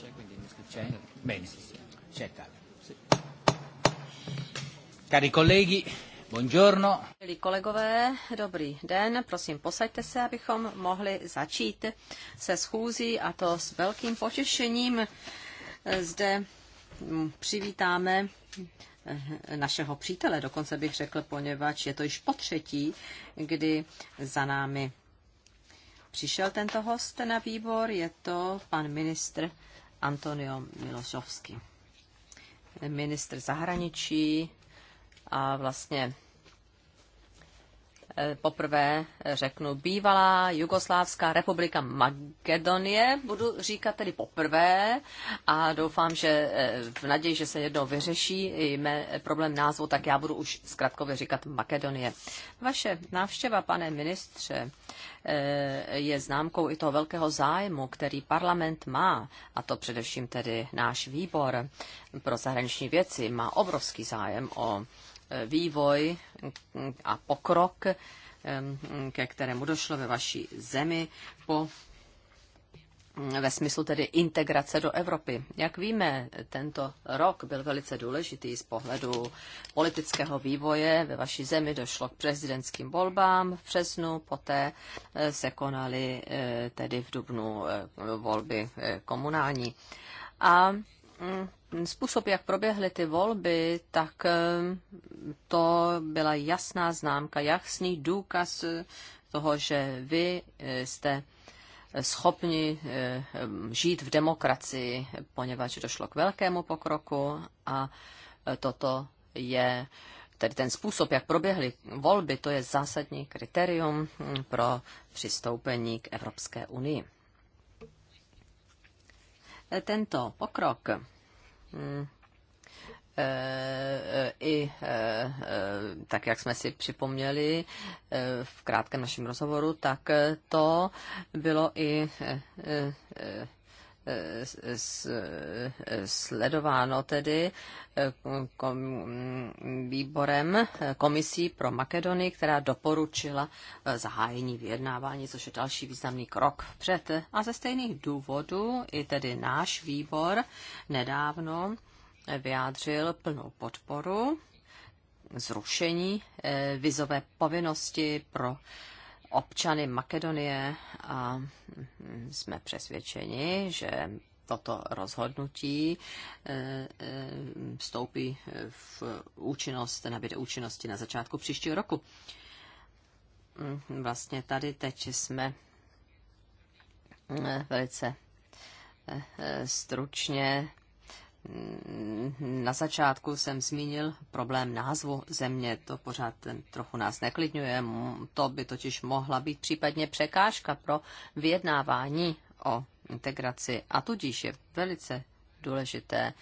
c'è, quindi Mr. C'è. Bene, c'è tale. Sì. Cari colleghi, buongiorno. Milí kolegové, dobrý den, prosím posaďte se, abychom mohli začít se schůzí a to s velkým potěšením. Zde mm, přivítáme eh, našeho přítele, dokonce bych řekl, poněvadž je to již po třetí, kdy za námi přišel tento host na výbor, je to pan ministr Antonio Milosovský, ministr zahraničí a vlastně poprvé řeknu bývalá Jugoslávská republika Makedonie, budu říkat tedy poprvé a doufám, že eh, v naději, že se jednou vyřeší i mé eh, problém názvu, tak já budu už zkratkově říkat Makedonie. Vaše návštěva, pane ministře, eh, je známkou i toho velkého zájmu, který parlament má, a to především tedy náš výbor pro zahraniční věci, má obrovský zájem o vývoj a pokrok, ke kterému došlo ve vaší zemi po ve smyslu tedy integrace do Evropy. Jak víme, tento rok byl velice důležitý z pohledu politického vývoje. Ve vaší zemi došlo k prezidentským volbám v březnu, poté eh, se konaly eh, tedy v dubnu eh, volby komunální. A mm, způsob, jak proběhly ty volby, tak eh, to byla jasná známka, jasný důkaz eh, toho, že vy eh, jste schopni žít v demokracii, poněvadž došlo k velkému pokroku a toto je tedy ten způsob, jak proběhly volby, to je zásadní kritérium hm, pro přistoupení k Evropské unii. Tento pokrok Hmm. Eh, eh, i eh, tak, jak jsme si připomněli v krátkém našem rozhovoru, tak to bylo i sledováno tedy eh, výborem eh, komisí pro Makedonii, která doporučila eh, zahájení vyjednávání, což je další významný krok vpřed. A ze stejných důvodů i tedy náš výbor nedávno vyjádřil plnou podporu zrušení vizové povinnosti pro občany Makedonie a jsme přesvědčeni, že toto rozhodnutí eh, eh, vstoupí v účinnost, nabíde účinnosti na začátku příštího roku. Mm, vlastně tady teď jsme eh, velice stručně Mm, na začátku jsem zmínil problém názvu země, to pořád trochu nás neklidňuje, to by totiž mohla být případně překážka pro vyjednávání o integraci a tudíž je velice důležité,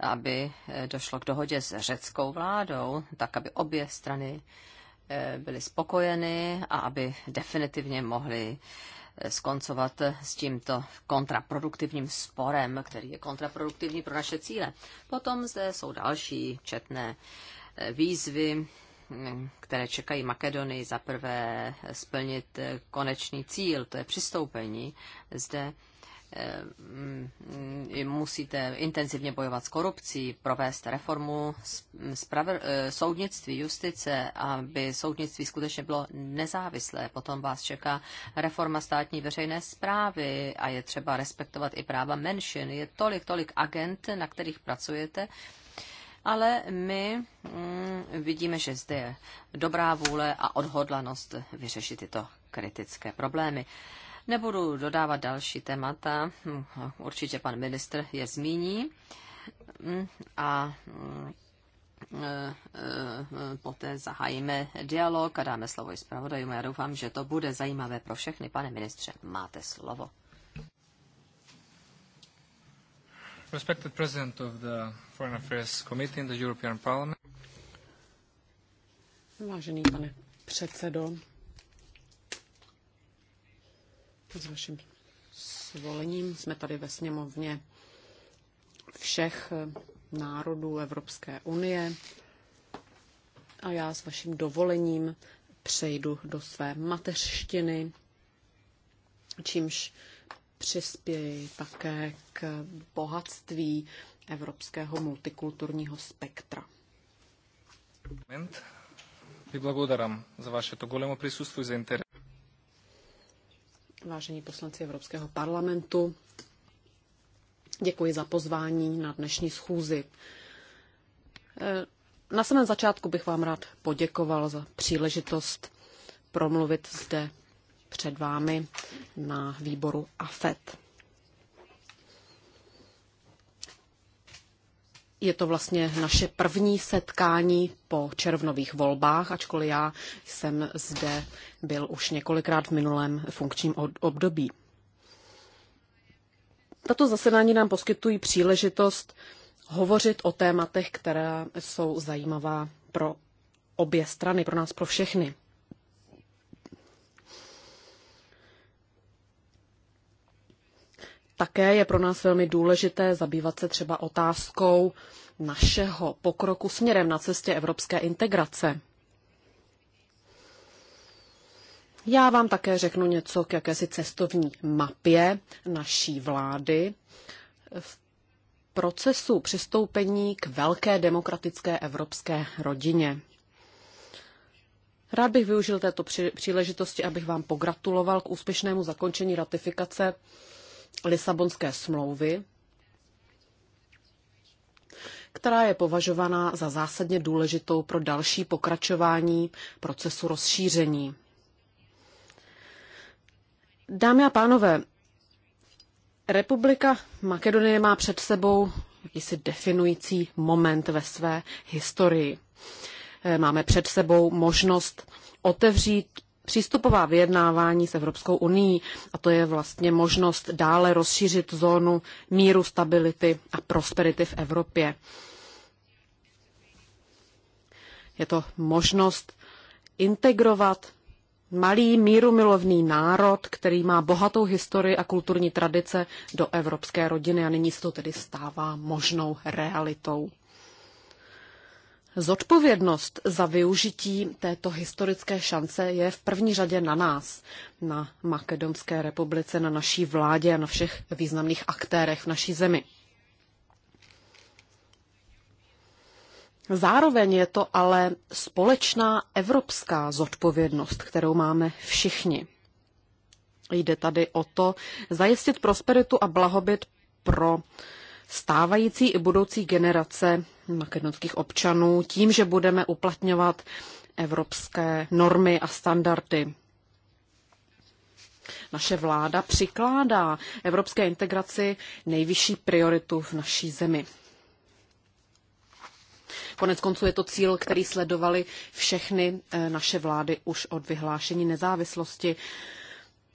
aby eh, došlo k dohodě s řeckou vládou, tak aby obě strany eh, byly spokojeny a aby definitivně mohly skoncovat s tímto kontraproduktivním sporem, který je kontraproduktivní pro naše cíle. Potom zde jsou další četné eh, výzvy, mm, které čekají Makedonii. Za prvé eh, splnit eh, konečný cíl, to je přistoupení. Zde Ehm, mm, musíte intenzivně bojovat s korupcí, provést reformu mm, spraver, eh, soudnictví, justice, aby soudnictví skutečně bylo nezávislé. Potom vás čeká reforma státní veřejné zprávy a je třeba respektovat i práva menšin. Je tolik, tolik agent, na kterých pracujete ale my mm, vidíme, že zde je dobrá vůle a odhodlanost vyřešit tyto kritické problémy. Nebudu dodávat další témata, hm, určitě pan ministr je zmíní. Hm, a hm, e, e, e, poté zahájíme dialog a dáme slovo i zpravodajům. Já doufám, že to bude zajímavé pro všechny. Pane ministře, máte slovo. Respected President of the Foreign Affairs Committee in the European Parliament. Vážený pane předsedo s vaším svolením jsme tady ve sněmovně všech národů Evropské unie a já s vaším dovolením přejdu do své mateřštiny, čímž přispěji také k bohatství evropského multikulturního spektra. Moment. Vy za vaše to golemo присутствие i za interes vážení poslanci Evropského parlamentu. Děkuji za pozvání na dnešní schůzi. E, na samém začátku bych vám rád poděkoval za příležitost promluvit zde před vámi na výboru AFET. je to vlastně naše první setkání po červnových volbách, ačkoliv já jsem zde byl už několikrát v minulém funkčním období. Tato zasedání nám poskytují příležitost hovořit o tématech, která jsou zajímavá pro obě strany, pro nás, pro všechny. Také je pro nás velmi důležité zabývat se třeba otázkou našeho pokroku směrem na cestě evropské integrace. Já vám také řeknu něco k jakési cestovní mapě naší vlády v procesu přistoupení k velké demokratické evropské rodině. Rád bych využil této příležitosti, abych vám pogratuloval k úspěšnému zakončení ratifikace Lisabonské smlouvy, která je považovaná za zásadně důležitou pro další pokračování procesu rozšíření. Dámy a pánové, Republika Makedonie má před sebou jakýsi definující moment ve své historii. Máme před sebou možnost otevřít přístupová vyjednávání s Evropskou unii a to je vlastně možnost dále rozšířit zónu míru, stability a prosperity v Evropě. Je to možnost integrovat malý mírumilovný národ, který má bohatou historii a kulturní tradice do evropské rodiny a nyní se to tedy stává možnou realitou. Zodpovědnost za využití této historické šance je v první řadě na nás, na Makedonské republice, na naší vládě a na všech významných aktérech v naší zemi. Zároveň je to ale společná evropská zodpovědnost, kterou máme všichni. Jde tady o to zajistit prosperitu a blahobyt pro stávající i budoucí generace makedonských občanů tím, že budeme uplatňovat evropské normy a standardy. Naše vláda přikládá evropské integraci nejvyšší prioritu v naší zemi. Konec konců je to cíl, který sledovali všechny eh, naše vlády už od vyhlášení nezávislosti.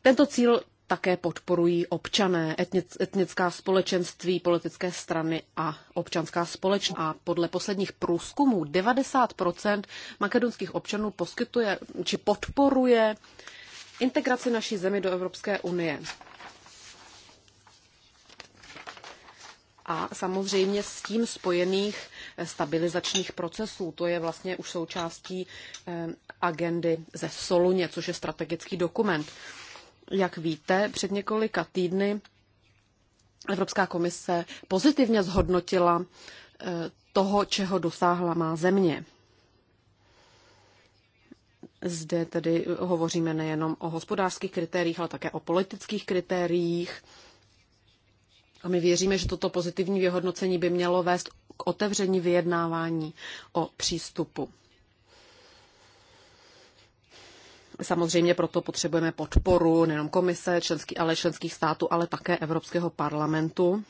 Tento cíl také podporují občané, etnická společenství, politické strany a občanská společnost. A podle posledních průzkumů 90 makedonských občanů poskytuje či podporuje integraci naší zemi do Evropské unie. A samozřejmě s tím spojených eh, stabilizačních procesů. To je vlastně už součástí eh, agendy ze Soluně, což je strategický dokument. Jak víte, před několika týdny Evropská komise pozitivně zhodnotila eh, toho, čeho dosáhla má země. Zde tedy hovoříme nejenom o hospodářských kritériích, ale také o politických kritériích. A my věříme, že toto pozitivní vyhodnocení by mělo vést k otevření vyjednávání o přístupu. Samozřejmě proto potřebujeme podporu nejenom komise, členský, ale členských států, ale také Evropského parlamentu.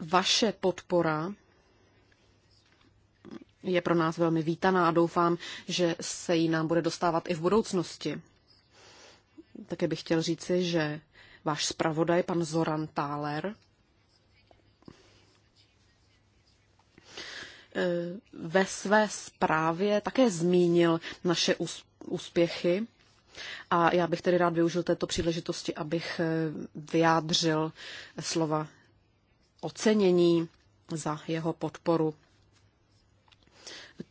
Vaše podpora je pro nás velmi vítaná a doufám, že se jí nám bude dostávat i v budoucnosti. Také bych chtěl říci, že váš zpravodaj, pan Zoran Táler, Eh, ve své zprávě také zmínil naše úspěchy. A já bych tedy rád využil této příležitosti, abych eh, vyjádřil slova ocenění za jeho podporu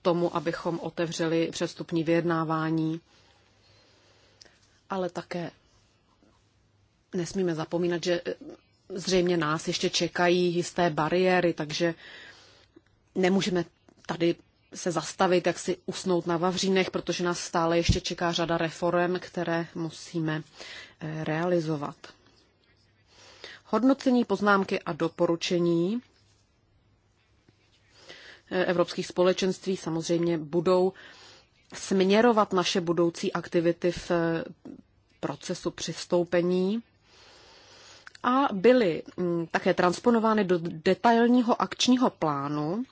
tomu, abychom otevřeli přestupní vyjednávání, ale také nesmíme zapomínat, že eh, zřejmě nás ještě čekají jisté bariéry, takže nemůžeme tady se zastavit, jak si usnout na Vavřínech, protože nás stále ještě čeká řada reform, které musíme eh, realizovat. Hodnocení poznámky a doporučení eh, evropských společenství samozřejmě budou směrovat naše budoucí aktivity v eh, procesu přistoupení a byly mm, také transponovány do detailního akčního plánu,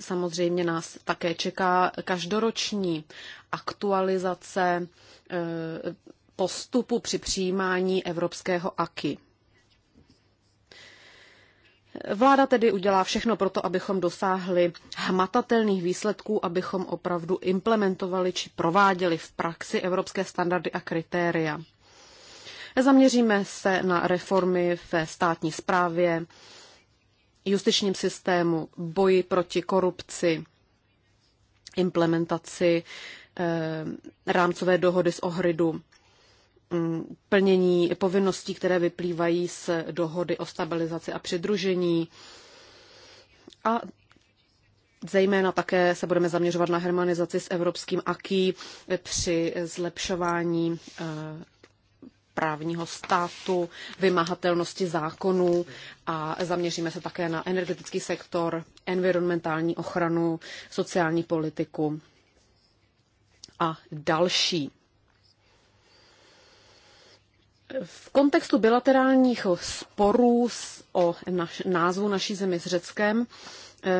Samozřejmě nás také čeká každoroční aktualizace e, postupu při přijímání evropského AKI. Vláda tedy udělá všechno pro to, abychom dosáhli hmatatelných výsledků, abychom opravdu implementovali či prováděli v praxi evropské standardy a kritéria. Zaměříme se na reformy ve státní správě, justičním systému, boji proti korupci, implementaci eh, rámcové dohody z Ohridu, mm, plnění povinností, které vyplývají z dohody o stabilizaci a přidružení. A zejména také se budeme zaměřovat na harmonizaci s evropským AKI při zlepšování eh, právního státu, vymahatelnosti zákonů a zaměříme se také na energetický sektor, environmentální ochranu, sociální politiku a další. V kontextu bilaterálních sporů o naš, názvu naší zemi s Řeckem eh,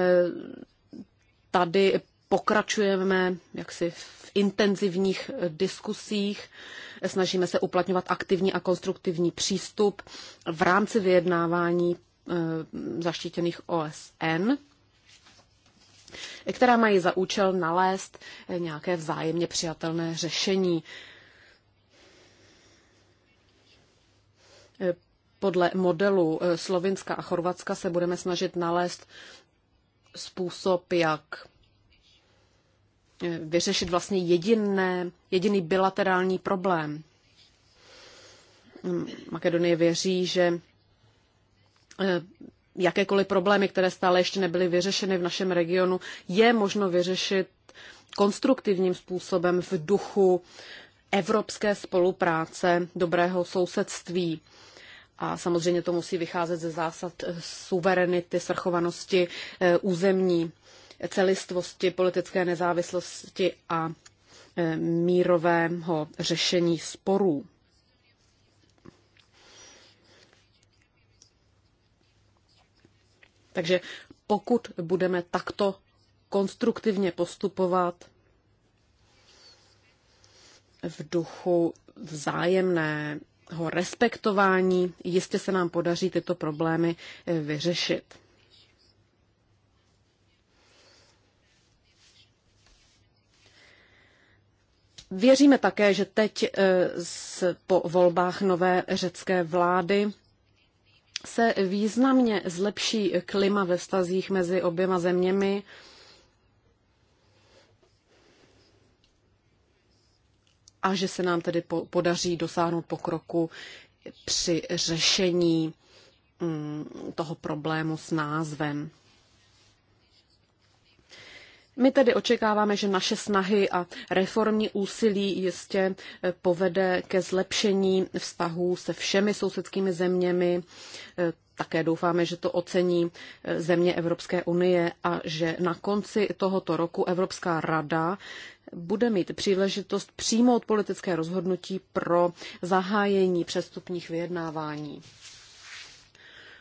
tady pokračujeme jaksi v intenzivních eh, diskusích, snažíme se uplatňovat aktivní a konstruktivní přístup v rámci vyjednávání eh, zaštítěných OSN, která mají za účel nalézt eh, nějaké vzájemně přijatelné řešení. Podle modelu Slovinska a Chorvatska se budeme snažit nalézt způsob, jak vyřešit vlastně jediné, jediný bilaterální problém. Mm, Makedonie věří, že e, jakékoliv problémy, které stále ještě nebyly vyřešeny v našem regionu, je možno vyřešit konstruktivním způsobem v duchu evropské spolupráce, dobrého sousedství. A samozřejmě to musí vycházet ze zásad suverenity, svrchovanosti e, územní celistvosti, politické nezávislosti a e, mírového řešení sporů. Takže pokud budeme takto konstruktivně postupovat v duchu vzájemného respektování, jistě se nám podaří tyto problémy vyřešit. Věříme také, že teď eh, po volbách nové řecké vlády se významně zlepší klima ve vztazích mezi oběma zeměmi. A že se nám tedy podaří dosáhnout pokroku při řešení mm, toho problému s názvem. My tedy očekáváme, že naše snahy a reformní úsilí jistě eh, povede ke zlepšení vztahů se všemi sousedskými zeměmi. Eh, také doufáme, že to ocení eh, země Evropské unie a že na konci tohoto roku Evropská rada bude mít příležitost přijmout politické rozhodnutí pro zahájení přestupních vyjednávání.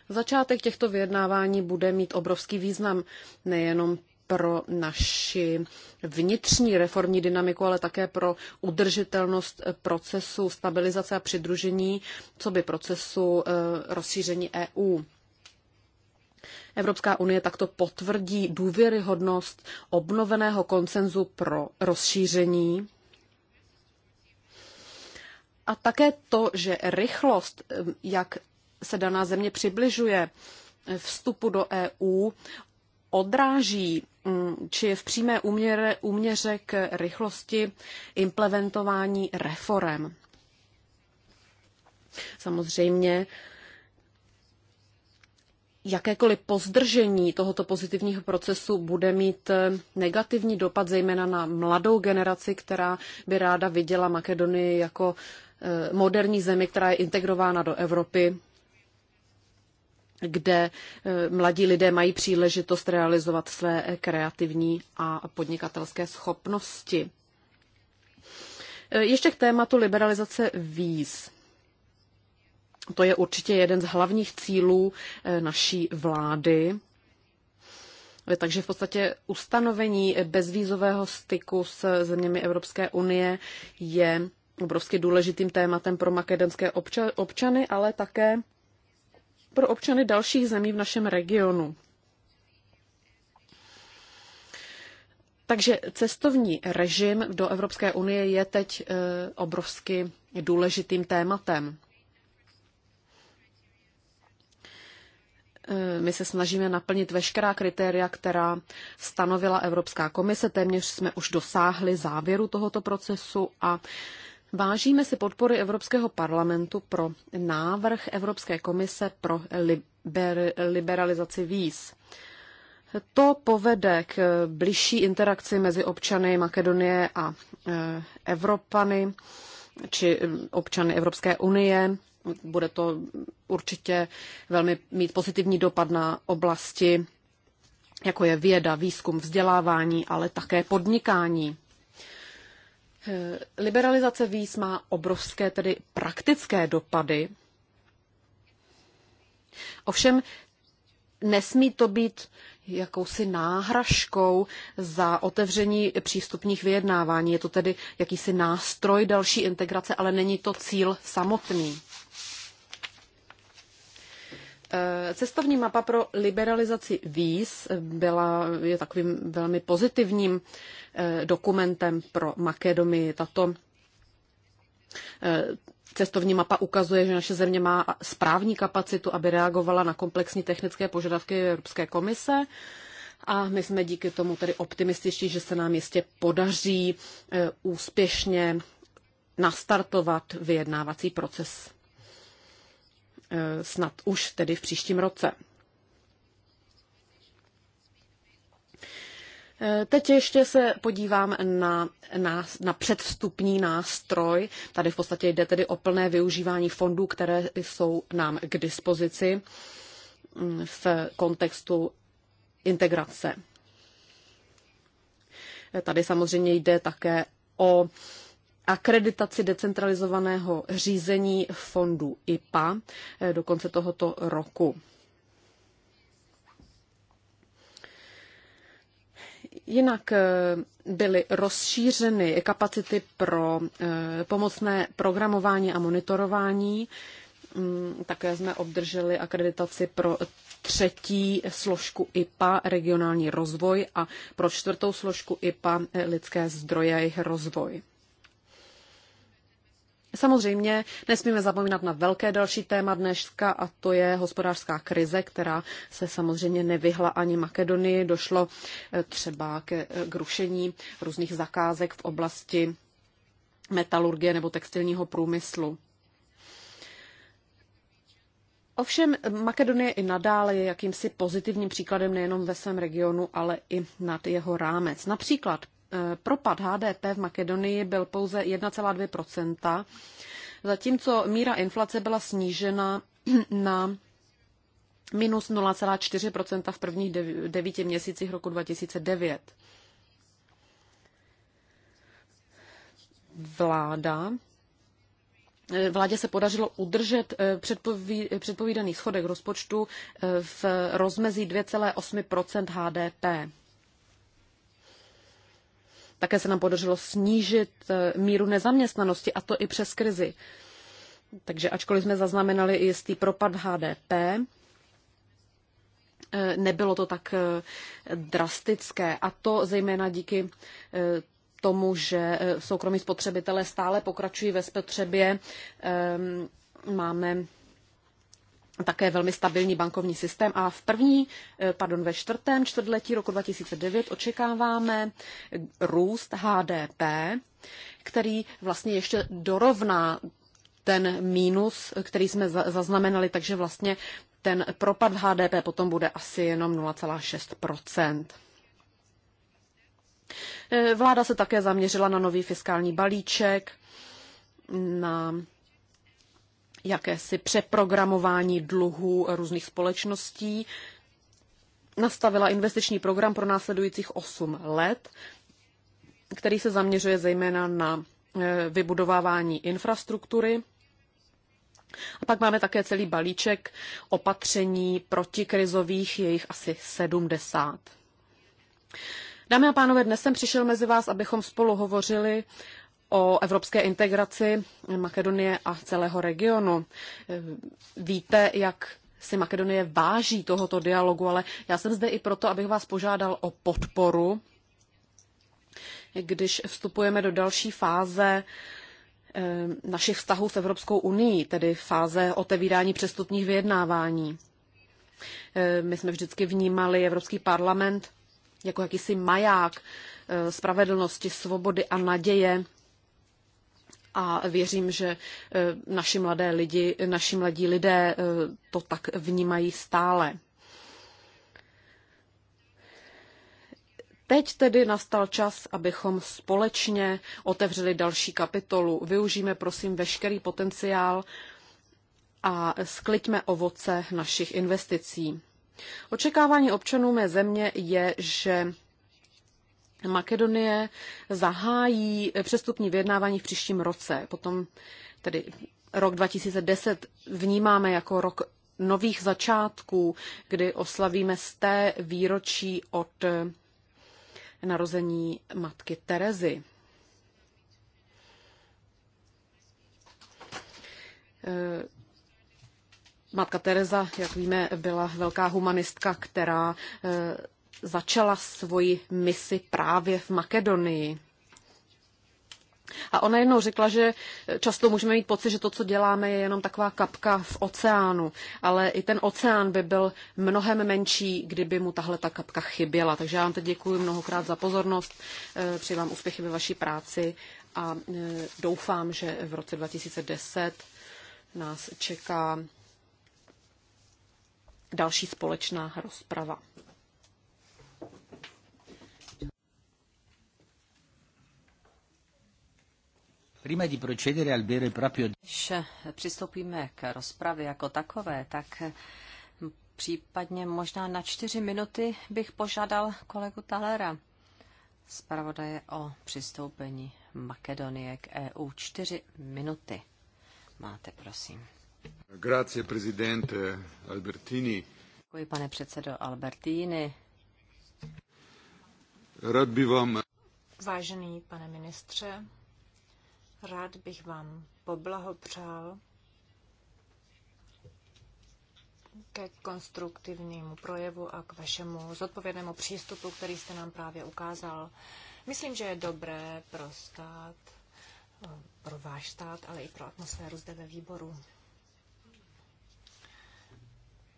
Začátek těchto vyjednávání bude mít obrovský význam nejenom pro naši vnitřní reformní dynamiku, ale také pro udržitelnost procesu stabilizace a přidružení, co by procesu eh, rozšíření EU. Evropská unie takto potvrdí důvěryhodnost obnoveného konsenzu pro rozšíření a také to, že rychlost, eh, jak se daná země přibližuje eh, vstupu do EU, odráží mm, či je v přímé úměře, úměře k rychlosti implementování reform. Samozřejmě jakékoliv pozdržení tohoto pozitivního procesu bude mít eh, negativní dopad zejména na mladou generaci, která by ráda viděla Makedonii jako eh, moderní zemi, která je integrována do Evropy kde eh, mladí lidé mají příležitost realizovat své eh, kreativní a podnikatelské schopnosti. Eh, ještě k tématu liberalizace víz. To je určitě jeden z hlavních cílů naší vlády. Takže v podstatě ustanovení bezvízového styku s zeměmi Evropské unie je obrovsky důležitým tématem pro makedonské občany, ale také pro občany dalších zemí v našem regionu. Takže cestovní režim do Evropské unie je teď e, obrovsky důležitým tématem. E, my se snažíme naplnit veškerá kritéria, která stanovila Evropská komise. Téměř jsme už dosáhli závěru tohoto procesu a Vážíme si podpory Evropského parlamentu pro návrh Evropské komise pro liber- liberalizaci víz. To povede k bližší interakci mezi občany Makedonie a e, Evropany či e, občany Evropské unie. Bude to určitě velmi mít pozitivní dopad na oblasti, jako je věda, výzkum, vzdělávání, ale také podnikání. Eh, liberalizace víz má obrovské tedy praktické dopady. Ovšem nesmí to být jakousi náhražkou za otevření přístupních vyjednávání. Je to tedy jakýsi nástroj další integrace, ale není to cíl samotný. Eh, cestovní mapa pro liberalizaci víz byla, je takovým velmi pozitivním eh, dokumentem pro Makedonii. Tato eh, Cestovní mapa ukazuje, že naše země má správní kapacitu, aby reagovala na komplexní technické požadavky Evropské komise. A my jsme díky tomu tedy optimističtí, že se nám jistě podaří úspěšně nastartovat vyjednávací proces Eh, snad už tedy v příštím roce. Eh, teď ještě se podívám na, na, na předvstupní nástroj. Tady v podstatě jde tedy o plné využívání fondů, které jsou nám k dispozici mm, v kontextu integrace. Eh, tady samozřejmě jde také o akreditaci decentralizovaného řízení fondu IPA eh, do konce tohoto roku. Jinak eh, byly rozšířeny kapacity pro eh, pomocné programování a monitorování. Mm, také jsme obdrželi akreditaci pro třetí složku IPA regionální rozvoj a pro čtvrtou složku IPA lidské zdroje a jejich rozvoj. Samozřejmě nesmíme zapomínat na velké další téma dneška a to je hospodářská krize, která se samozřejmě nevyhla ani Makedonii. Došlo eh, třeba k, eh, k rušení různých zakázek v oblasti metalurgie nebo textilního průmyslu. Ovšem Makedonie i nadále je jakýmsi pozitivním příkladem nejenom ve svém regionu, ale i nad jeho rámec. Například propad HDP v Makedonii byl pouze 1,2 zatímco míra inflace byla snížena na minus 0,4 v prvních devíti měsících roku 2009. Vláda eh, Vládě se podařilo udržet eh, předpovídaný schodek rozpočtu eh, v rozmezí 2,8 HDP. Také se nám podařilo snížit eh, míru nezaměstnanosti a to i přes krizi. Takže ačkoliv jsme zaznamenali i jistý propad HDP, eh, nebylo to tak eh, drastické. A to zejména díky tomu, že soukromí spotřebitelé stále pokračují ve spotřebě. Ehm, máme také velmi stabilní bankovní systém a v první, eh, pardon, ve čtvrtém čtvrtletí roku 2009 očekáváme růst HDP, který vlastně ještě dorovná ten mínus, který jsme zaznamenali, takže vlastně ten propad v HDP potom bude asi jenom 0,6 eh, Vláda se také zaměřila na nový fiskální balíček, na jakési přeprogramování dluhů různých společností. Nastavila investiční program pro následujících 8 let, který se zaměřuje zejména na e, vybudovávání infrastruktury. A pak máme také celý balíček opatření protikrizových, jejich asi 70. Dámy a pánové, dnes jsem přišel mezi vás, abychom spolu hovořili o evropské integraci Makedonie a celého regionu. Víte, jak si Makedonie váží tohoto dialogu, ale já jsem zde i proto, abych vás požádal o podporu, když vstupujeme do další fáze eh, našich vztahů s Evropskou unii, tedy fáze otevírání přestupních vyjednávání. Eh, my jsme vždycky vnímali Evropský parlament jako jakýsi maják eh, spravedlnosti, svobody a naděje a věřím, že e, naši mladé lidi, naši mladí lidé e, to tak vnímají stále. Teď tedy nastal čas, abychom společně otevřeli další kapitolu. Využijeme prosím veškerý potenciál a skliďme ovoce našich investicí. Očekávání občanů mé země je, že Makedonie zahájí přestupní vyjednávání v příštím roce. Potom tedy rok 2010 vnímáme jako rok nových začátků, kdy oslavíme z té výročí od eh, narození matky Terezy. Eh, matka Tereza, jak víme, byla velká humanistka, která eh, začala svoji misi právě v Makedonii. A ona jednou řekla, že často můžeme mít pocit, že to, co děláme, je jenom taková kapka v oceánu, ale i ten oceán by byl mnohem menší, kdyby mu tahle ta kapka chyběla. Takže já vám teď děkuji mnohokrát za pozornost, eh, přeji vám úspěchy ve vaší práci a eh, doufám, že v roce 2010 nás čeká další společná rozprava. Když e přistoupíme k rozpravě jako takové, tak případně možná na čtyři minuty bych požádal kolegu Talera, zpravodaje o přistoupení Makedonie k EU. Čtyři minuty máte, prosím. Grazie, prezident Albertini. Děkuji, pane předsedo Albertini. Rád by vám... Vážený pane ministře, Rád bych vám poblahopřál ke konstruktivnímu projevu a k vašemu zodpovědnému přístupu, který jste nám právě ukázal. Myslím, že je dobré pro stát, pro váš stát, ale i pro atmosféru zde ve výboru.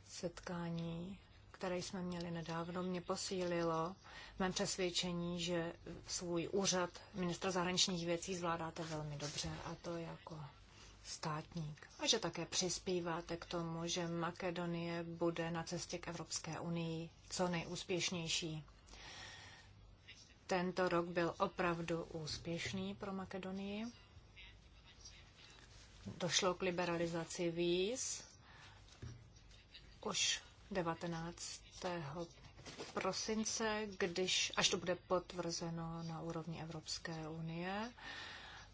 Setkání které jsme měli nedávno, mě posílilo v mém přesvědčení, že svůj úřad ministra zahraničních věcí zvládáte velmi dobře a to jako státník. A že také přispíváte k tomu, že Makedonie bude na cestě k Evropské unii co nejúspěšnější. Tento rok byl opravdu úspěšný pro Makedonii. Došlo k liberalizaci víz. Už 19. prosince, když, až to bude potvrzeno na úrovni Evropské unie.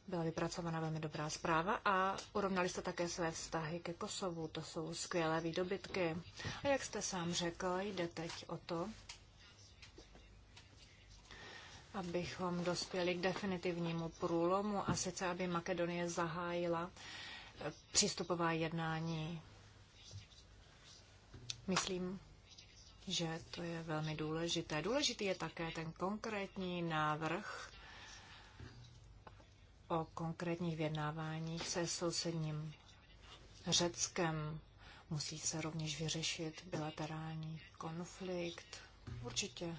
Byla vypracována velmi dobrá zpráva a urovnali jste také své vztahy ke Kosovu. To jsou skvělé výdobytky. A jak jste sám řekl, jde teď o to, abychom dospěli k definitivnímu průlomu a sice, aby Makedonie zahájila přístupová jednání Myslím, že to je velmi důležité. Důležitý je také ten konkrétní návrh o konkrétních vyjednáváních se sousedním Řeckem. Musí se rovněž vyřešit bilaterální konflikt. Určitě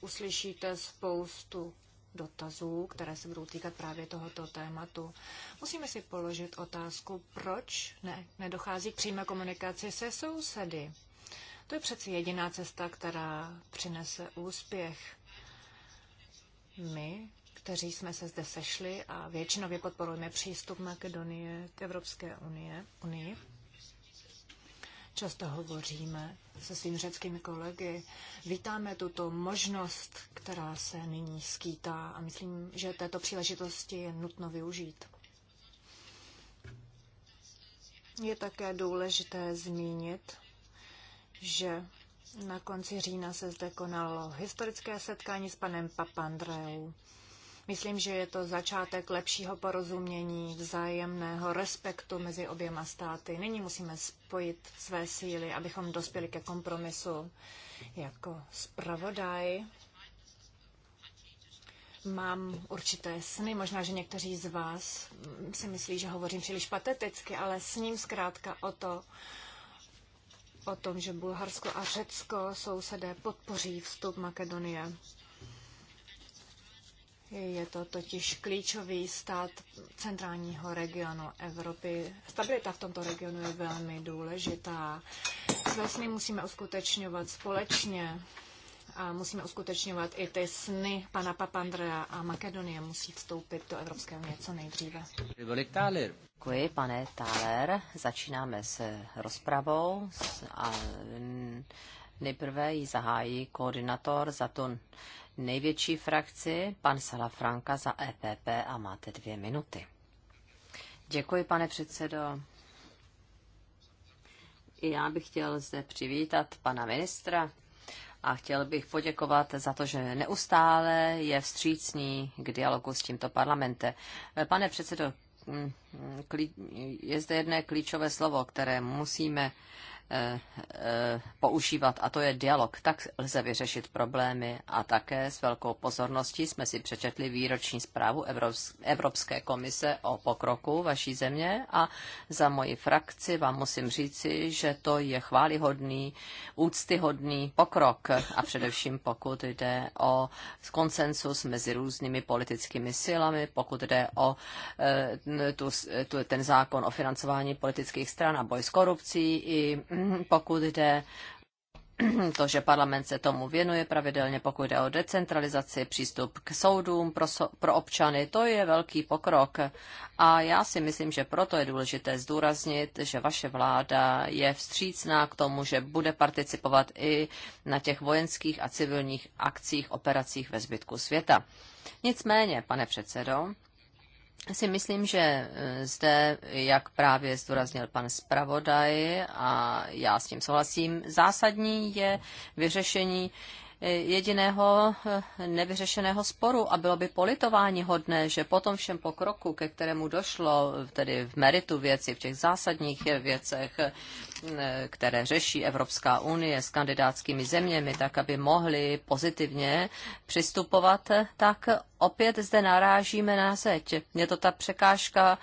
uslyšíte spoustu dotazů, které se budou týkat právě tohoto tématu. Musíme si položit otázku, proč ne, nedochází k přímé komunikaci se sousedy. To je přeci jediná cesta, která přinese úspěch. My, kteří jsme se zde sešli a většinově podporujeme přístup Makedonie k Evropské unie, unii, Často hovoříme se svým řeckými kolegy. Vítáme tuto možnost, která se nyní skýtá a myslím, že této příležitosti je nutno využít. Je také důležité zmínit, že na konci října se zde konalo historické setkání s panem Papandreou. Myslím, že je to začátek lepšího porozumění, vzájemného respektu mezi oběma státy. Nyní musíme spojit své síly, abychom dospěli ke kompromisu jako spravodaj mám určité sny. Možná, že někteří z vás si myslí, že hovořím příliš pateticky, ale sním zkrátka o to, o tom, že Bulharsko a Řecko sousedé podpoří vstup Makedonie je to totiž klíčový stát centrálního regionu Evropy. Stabilita v tomto regionu je velmi důležitá. Své vlastně sny musíme uskutečňovat společně a musíme uskutečňovat i ty sny pana Papandrea a Makedonie musí vstoupit do Evropské unie co nejdříve. Děkuji, pane Thaler. Začínáme s rozpravou a nejprve ji zahájí koordinátor to největší frakci, pan Sala Franka za EPP a máte dvě minuty. Děkuji, pane předsedo. I já bych chtěl zde přivítat pana ministra a chtěl bych poděkovat za to, že neustále je vstřícný k dialogu s tímto parlamentem. Pane předsedo, mm, je zde jedné klíčové slovo, které musíme Eh, eh, používat, a to je dialog. Tak lze vyřešit problémy a také s velkou pozorností jsme si přečetli výroční zprávu Evropské komise o pokroku vaší země a za moji frakci vám musím říci, že to je chválihodný, úctyhodný pokrok a především pokud jde o konsensus mezi různými politickými silami, pokud jde o eh, tu, tu, ten zákon o financování politických stran a boj s korupcí i pokud jde to, že parlament se tomu věnuje pravidelně, pokud jde o decentralizaci, přístup k soudům pro, so, pro občany, to je velký pokrok. A já si myslím, že proto je důležité zdůraznit, že vaše vláda je vstřícná k tomu, že bude participovat i na těch vojenských a civilních akcích, operacích ve zbytku světa. Nicméně, pane předsedo, si myslím, že eh, zde, jak právě zdůraznil pan zpravodaj, a já s tím souhlasím, zásadní je vyřešení jediného eh, nevyřešeného sporu a bylo by politování hodné, že potom všem pokroku, ke kterému došlo, tedy v meritu věci, v těch zásadních věcech, eh, které řeší Evropská unie s kandidátskými zeměmi, tak aby mohli pozitivně přistupovat, eh, tak opět zde narážíme na zeď. Je to ta překážka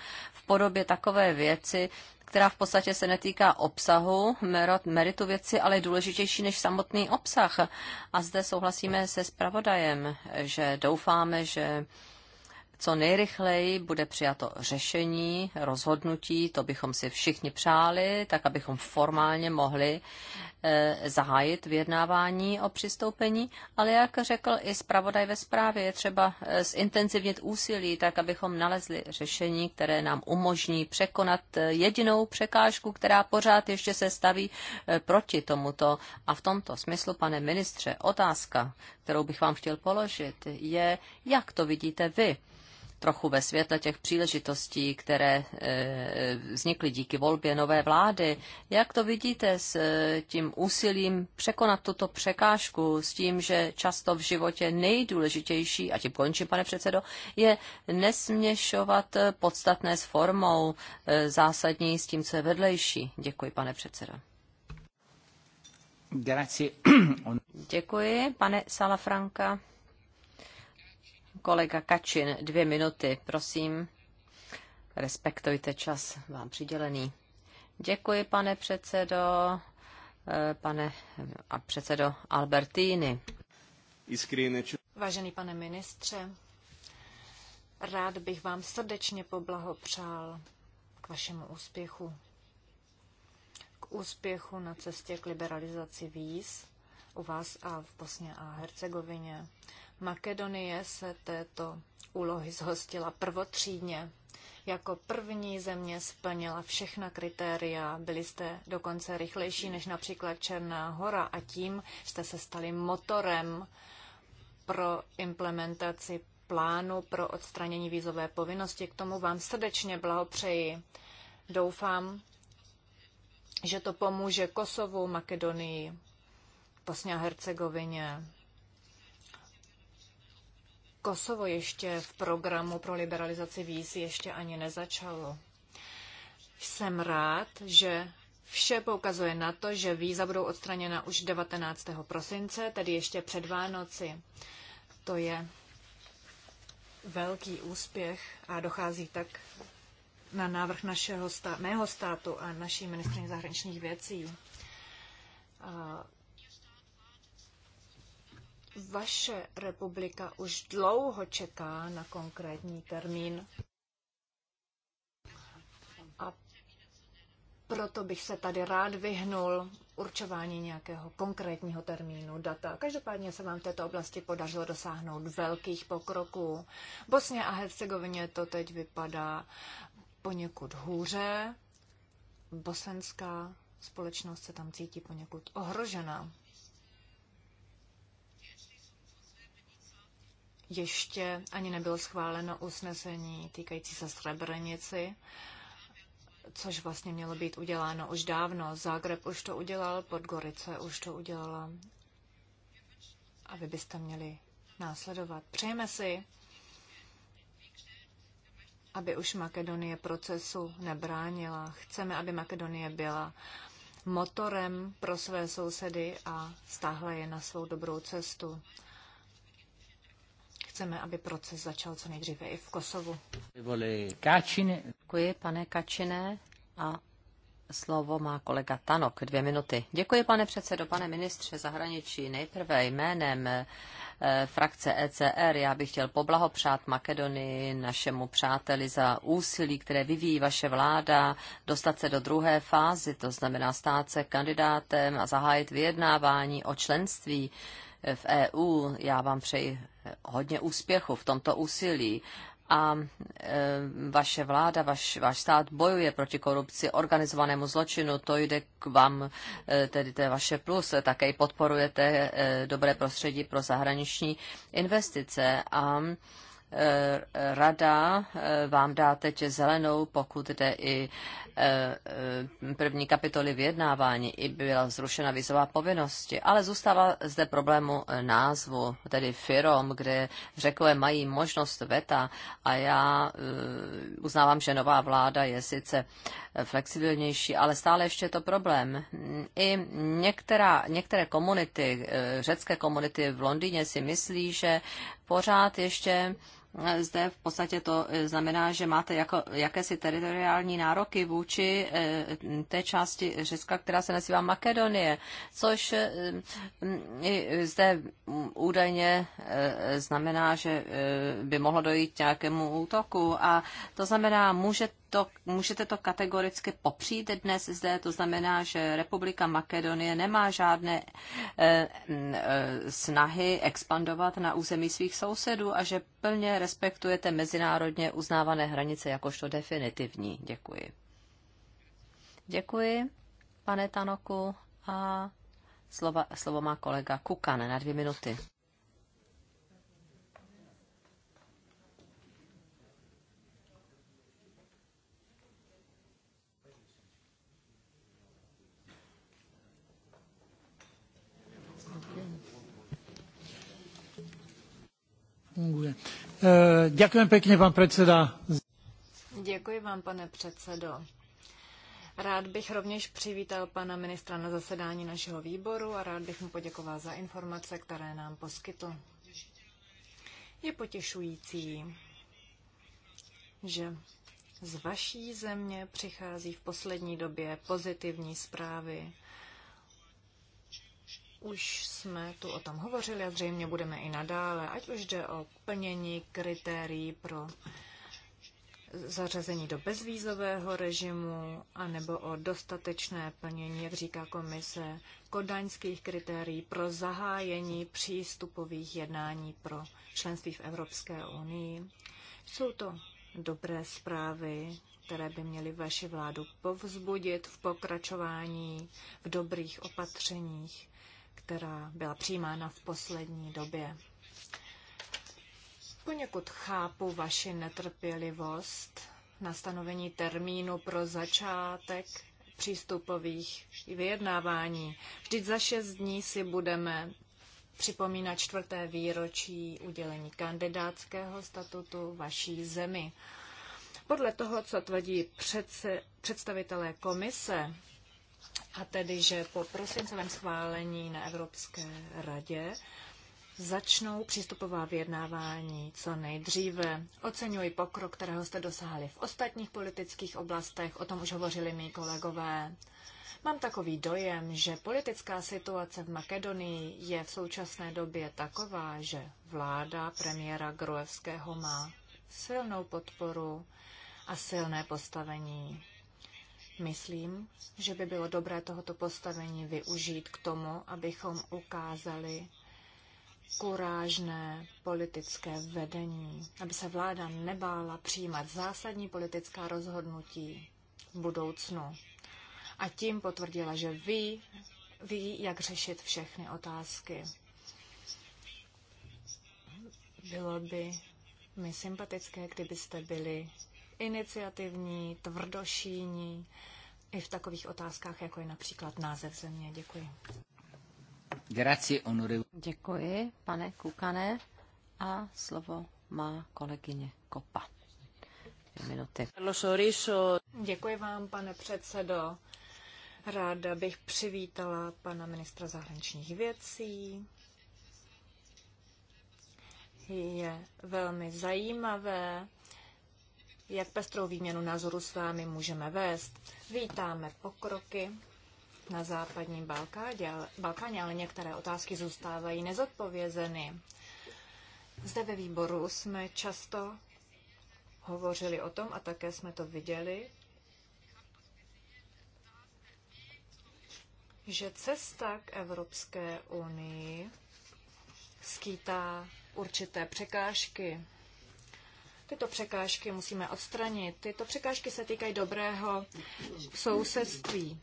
podobě takové věci, která v podstatě se netýká obsahu, meritu věci, ale je důležitější než samotný obsah. A zde souhlasíme se spravodajem, že doufáme, že co nejrychleji bude přijato řešení, rozhodnutí, to bychom si všichni přáli, tak abychom formálně mohli eh, zahájit vyjednávání o přistoupení, ale jak řekl i zpravodaj ve zprávě, je třeba eh, zintenzivnit úsilí, tak abychom nalezli řešení, které nám umožní překonat eh, jedinou překážku, která pořád ještě se staví proti tomuto. A v tomto smyslu, pane ministře, otázka, kterou bych vám chtěl položit, je, jak to vidíte vy? trochu ve světle těch příležitostí, které eh, vznikly díky volbě nové vlády. Jak to vidíte s eh, tím úsilím překonat tuto překážku, s tím, že často v životě nejdůležitější, a tím končím, pane předsedo, je nesměšovat podstatné s formou, eh, zásadní s tím, co je vedlejší. Děkuji, pane předsedo. Děkuji, pane Salafranka. Kolega Kačin, dvě minuty, prosím. Respektujte čas vám přidělený. Děkuji, pane předsedo, eh, pane a předsedo Albertini. Vážený pane ministře, rád bych vám srdečně poblahopřál k vašemu úspěchu. K úspěchu na cestě k liberalizaci víz u vás a v Bosně a Hercegovině. Makedonie se této úlohy zhostila prvotřídně. Jako první země splnila všechna kritéria, byli jste dokonce rychlejší než například Černá hora a tím jste se stali motorem pro implementaci plánu pro odstranění vízové povinnosti. K tomu vám srdečně blahopřeji. Doufám, že to pomůže Kosovu, Makedonii, Bosně a Hercegovině, Kosovo ještě v programu pro liberalizaci víz ještě ani nezačalo. Jsem rád, že Vše poukazuje na to, že víza budou odstraněna už 19. prosince, tedy ještě před Vánoci. To je velký úspěch a dochází tak na návrh našeho stá- mého státu a naší ministrině zahraničních věcí. Vaše republika už dlouho čeká na konkrétní termín. A proto bych se tady rád vyhnul určování nějakého konkrétního termínu data. Každopádně se vám v této oblasti podařilo dosáhnout velkých pokroků. V Bosně a Hercegovině to teď vypadá poněkud hůře. Bosenská společnost se tam cítí poněkud ohrožená. ještě ani nebylo schváleno usnesení týkající se Srebrenici, což vlastně mělo být uděláno už dávno. Zágreb už to udělal, Podgorice už to udělala. A vy byste měli následovat. Přejeme si, aby už Makedonie procesu nebránila. Chceme, aby Makedonie byla motorem pro své sousedy a stáhla je na svou dobrou cestu. Chceme, aby proces začal co nejdříve i v Kosovu. Děkuji, pane Kačine. A slovo má kolega Tanok. Dvě minuty. Děkuji, pane předsedo, pane ministře zahraničí. Nejprve jménem eh, frakce ECR. Já bych chtěl poblahopřát Makedonii, našemu přáteli, za úsilí, které vyvíjí vaše vláda, dostat se do druhé fázy, to znamená stát se kandidátem a zahájit vyjednávání o členství v EU. Já vám přeji hodně úspěchu v tomto úsilí a e, vaše vláda, vaš, váš stát bojuje proti korupci, organizovanému zločinu, to jde k vám, e, tedy to je vaše plus, také podporujete e, dobré prostředí pro zahraniční investice a Eh, rada eh, vám dá teď zelenou, pokud jde i eh, první kapitoly vyjednávání, i byla zrušena vizová povinnosti, ale zůstává zde problému názvu, tedy firom, kde řekové mají možnost veta a já uznávám, že nová vláda je sice flexibilnější, ale stále ještě je to problém. I některá, některé komunity, řecké komunity v Londýně si myslí, že pořád ještě zde v podstatě to e, znamená, že máte jako, jakési teritoriální nároky vůči e, té části Řecka, která se nazývá Makedonie, což e, zde údajně znamená, že by mohlo dojít k nějakému útoku. A to znamená, může to, můžete to kategoricky popřít dnes zde, to znamená, že Republika Makedonie nemá žádné e, snahy expandovat na území svých sousedů a že plně respektujete mezinárodně uznávané hranice jakožto definitivní. Děkuji. Děkuji, pane Tanoku. A slova, slovo má kolega Kukan na dvě minuty. funguje. Děkuji eh, pěkně, pan předseda. Děkuji vám, pane předsedo. Rád bych rovněž přivítal pana ministra na zasedání našeho výboru a rád bych mu poděkoval za informace, které nám poskytl. Je potěšující, že z vaší země přichází v poslední době pozitivní zprávy už jsme tu o tom hovořili a zřejmě budeme i nadále, ať už jde o plnění kritérií pro zařazení do bezvízového režimu, anebo o dostatečné plnění, jak říká komise, kodaňských kritérií pro zahájení přístupových jednání pro členství v Evropské unii. Jsou to dobré zprávy, které by měly vaši vládu povzbudit v pokračování v dobrých opatřeních která byla přijímána v poslední době. Poněkud chápu vaši netrpělivost na stanovení termínu pro začátek přístupových vyjednávání. Vždyť za šest dní si budeme připomínat čtvrté výročí udělení kandidátského statutu vaší zemi. Podle toho, co tvrdí předse, představitelé komise, a tedy, že po prosincovém schválení na Evropské radě začnou přístupová vyjednávání co nejdříve. Oceňuji pokrok, kterého jste dosáhli v ostatních politických oblastech, o tom už hovořili mý kolegové. Mám takový dojem, že politická situace v Makedonii je v současné době taková, že vláda premiéra Gruevského má silnou podporu a silné postavení Myslím, že by bylo dobré tohoto postavení využít k tomu, abychom ukázali kurážné politické vedení, aby se vláda nebála přijímat zásadní politická rozhodnutí v budoucnu. A tím potvrdila, že ví, ví, jak řešit všechny otázky. Bylo by mi sympatické, kdybyste byli iniciativní, tvrdošíní i v takových otázkách, jako je například název země. Děkuji. Děkuji, pane Kukane. A slovo má kolegyně Kopa. minuty. Děkuji vám, pane předsedo. Ráda bych přivítala pana ministra zahraničních věcí. Je velmi zajímavé, jak pestrou výměnu názoru s vámi můžeme vést. Vítáme pokroky na západním Balkáně, ale některé otázky zůstávají nezodpovězeny. Zde ve výboru jsme často hovořili o tom a také jsme to viděli, že cesta k Evropské unii skýtá určité překážky. Tyto překážky musíme odstranit. Tyto překážky se týkají dobrého sousedství.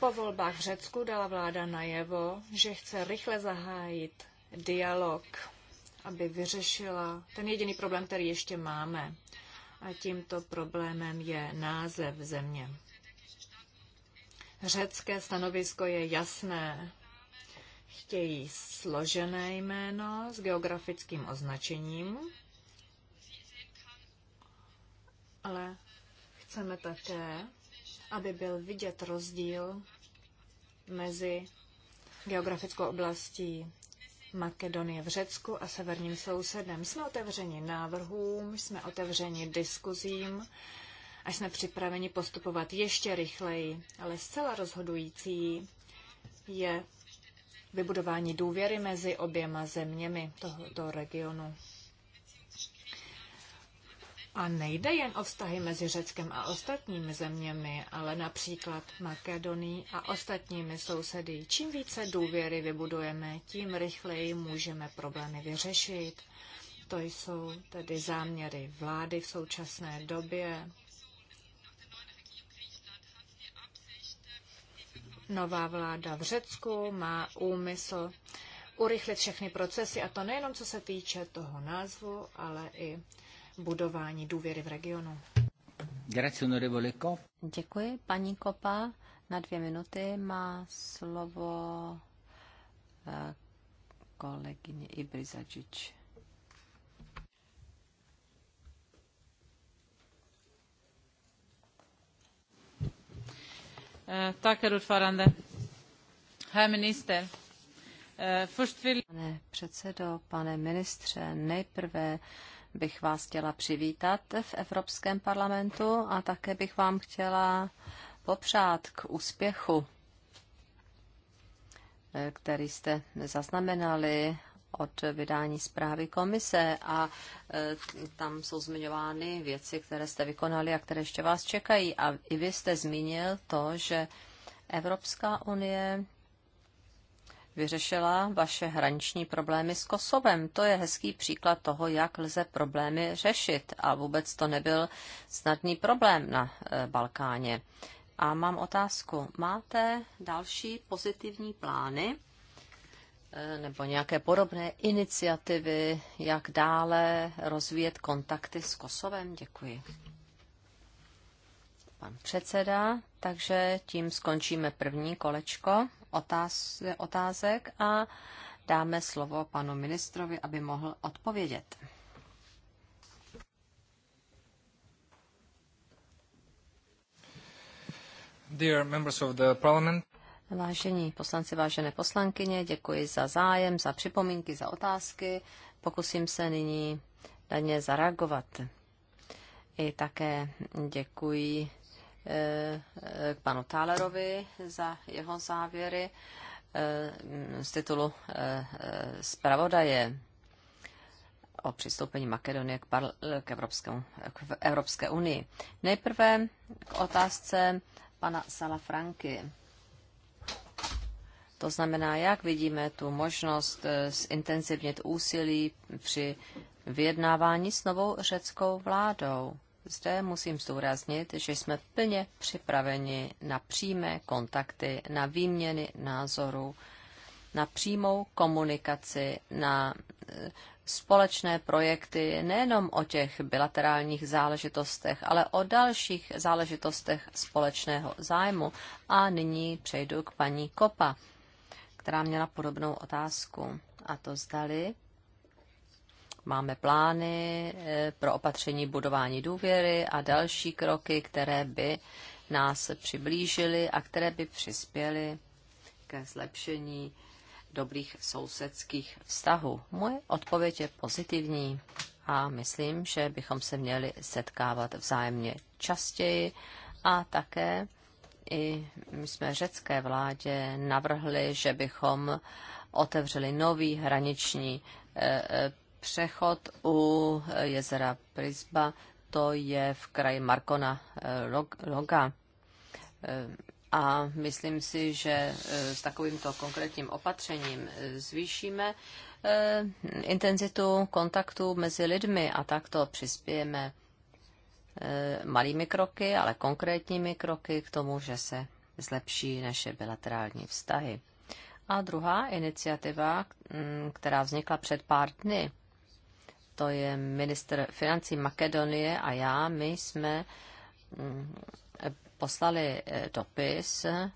Po volbách v Řecku dala vláda najevo, že chce rychle zahájit dialog, aby vyřešila ten jediný problém, který ještě máme. A tímto problémem je název země. Řecké stanovisko je jasné. Chtějí složené jméno s geografickým označením, ale chceme také, aby byl vidět rozdíl mezi geografickou oblastí Makedonie v Řecku a severním sousedem. Jsme otevřeni návrhům, jsme otevřeni diskuzím a jsme připraveni postupovat ještě rychleji, ale zcela rozhodující je vybudování důvěry mezi oběma zeměmi tohoto regionu. A nejde jen o vztahy mezi Řeckem a ostatními zeměmi, ale například Makedonii a ostatními sousedy. Čím více důvěry vybudujeme, tím rychleji můžeme problémy vyřešit. To jsou tedy záměry vlády v současné době. Nová vláda v Řecku má úmysl urychlit všechny procesy, a to nejenom co se týče toho názvu, ale i budování důvěry v regionu. Děkuji. Paní Kopa na dvě minuty má slovo eh, kolegyně Ibrizačič. Eh, tack, herr ordförande. Herr minister, eh, Pane předsedo, pane ministře, nejprve bych vás chtěla přivítat v Evropském parlamentu a také bych vám chtěla popřát k úspěchu, eh, který jste zaznamenali od vydání zprávy komise a eh, tam jsou zmiňovány věci, které jste vykonali a které ještě vás čekají. A i vy jste zmínil to, že Evropská unie vyřešila vaše hraniční problémy s Kosovem. To je hezký příklad toho, jak lze problémy řešit. A vůbec to nebyl snadný problém na e, Balkáně. A mám otázku. Máte další pozitivní plány e, nebo nějaké podobné iniciativy, jak dále rozvíjet kontakty s Kosovem? Děkuji. Pan předseda, takže tím skončíme první kolečko otáz, otázek a dáme slovo panu ministrovi, aby mohl odpovědět. Dear members of the parliament. Vážení poslanci, vážené poslankyně, děkuji za zájem, za připomínky, za otázky. Pokusím se nyní na ně zareagovat. I také děkuji Eh, k panu Thalerovi za jeho závěry eh, z titulu eh, zpravodaje o přistoupení Makedonie k, parl- k, Evropskému, k Evropské unii. Nejprve k otázce pana Franky. To znamená, jak vidíme tu možnost zintenzivnit úsilí při vyjednávání s novou řeckou vládou zde musím zdůraznit, že jsme plně připraveni na přímé kontakty, na výměny názorů, na přímou komunikaci, na eh, společné projekty nejenom o těch bilaterálních záležitostech, ale o dalších záležitostech společného zájmu. A nyní přejdu k paní Kopa, která měla podobnou otázku. A to zdali Máme plány eh, pro opatření budování důvěry a další kroky, které by nás přiblížily a které by přispěly ke zlepšení dobrých sousedských vztahů. Moje odpověď je pozitivní a myslím, že bychom se měli setkávat vzájemně častěji a také i my jsme řecké vládě navrhli, že bychom otevřeli nový hraniční eh, eh, přechod u eh, jezera Prisba, to je v kraji Markona Loga eh, eh, A myslím si, že s takovýmto konkrétním opatřením zvýšíme intenzitu kontaktu mezi lidmi a takto přispějeme malými kroky, ale konkrétními kroky k tomu, že se zlepší naše bilaterální vztahy. A druhá iniciativa, mm, která vznikla před pár dny, to je minister financí Makedonie a já, my jsme mm, poslali eh, dopis eh,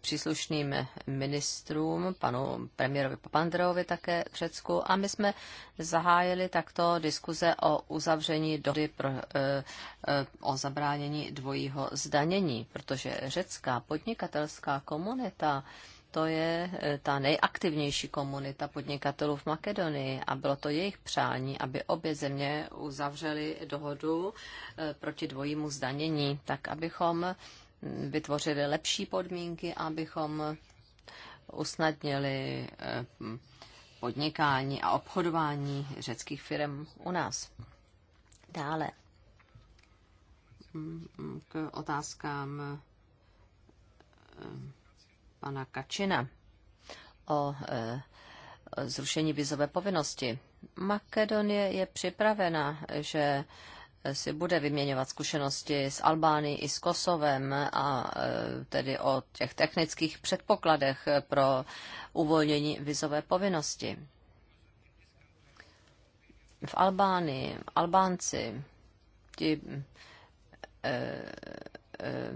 příslušným ministrům, panu premiérovi Papandreovi také v Řecku. A my jsme zahájili takto diskuze o uzavření dohody pro, eh, o zabránění dvojího zdanění, protože řecká podnikatelská komunita to je eh, ta nejaktivnější komunita podnikatelů v Makedonii a bylo to jejich přání, aby obě země uzavřely dohodu eh, proti dvojímu zdanění, tak abychom mm, vytvořili lepší podmínky, abychom usnadnili eh, podnikání a obchodování řeckých firm u nás. Dále mm, mm, k otázkám pana Kačina o e, zrušení vizové povinnosti. Makedonie je připravena, že si bude vyměňovat zkušenosti s Albánií i s Kosovem a e, tedy o těch technických předpokladech pro uvolnění vizové povinnosti. V Albánii, Albánci, ti e, e,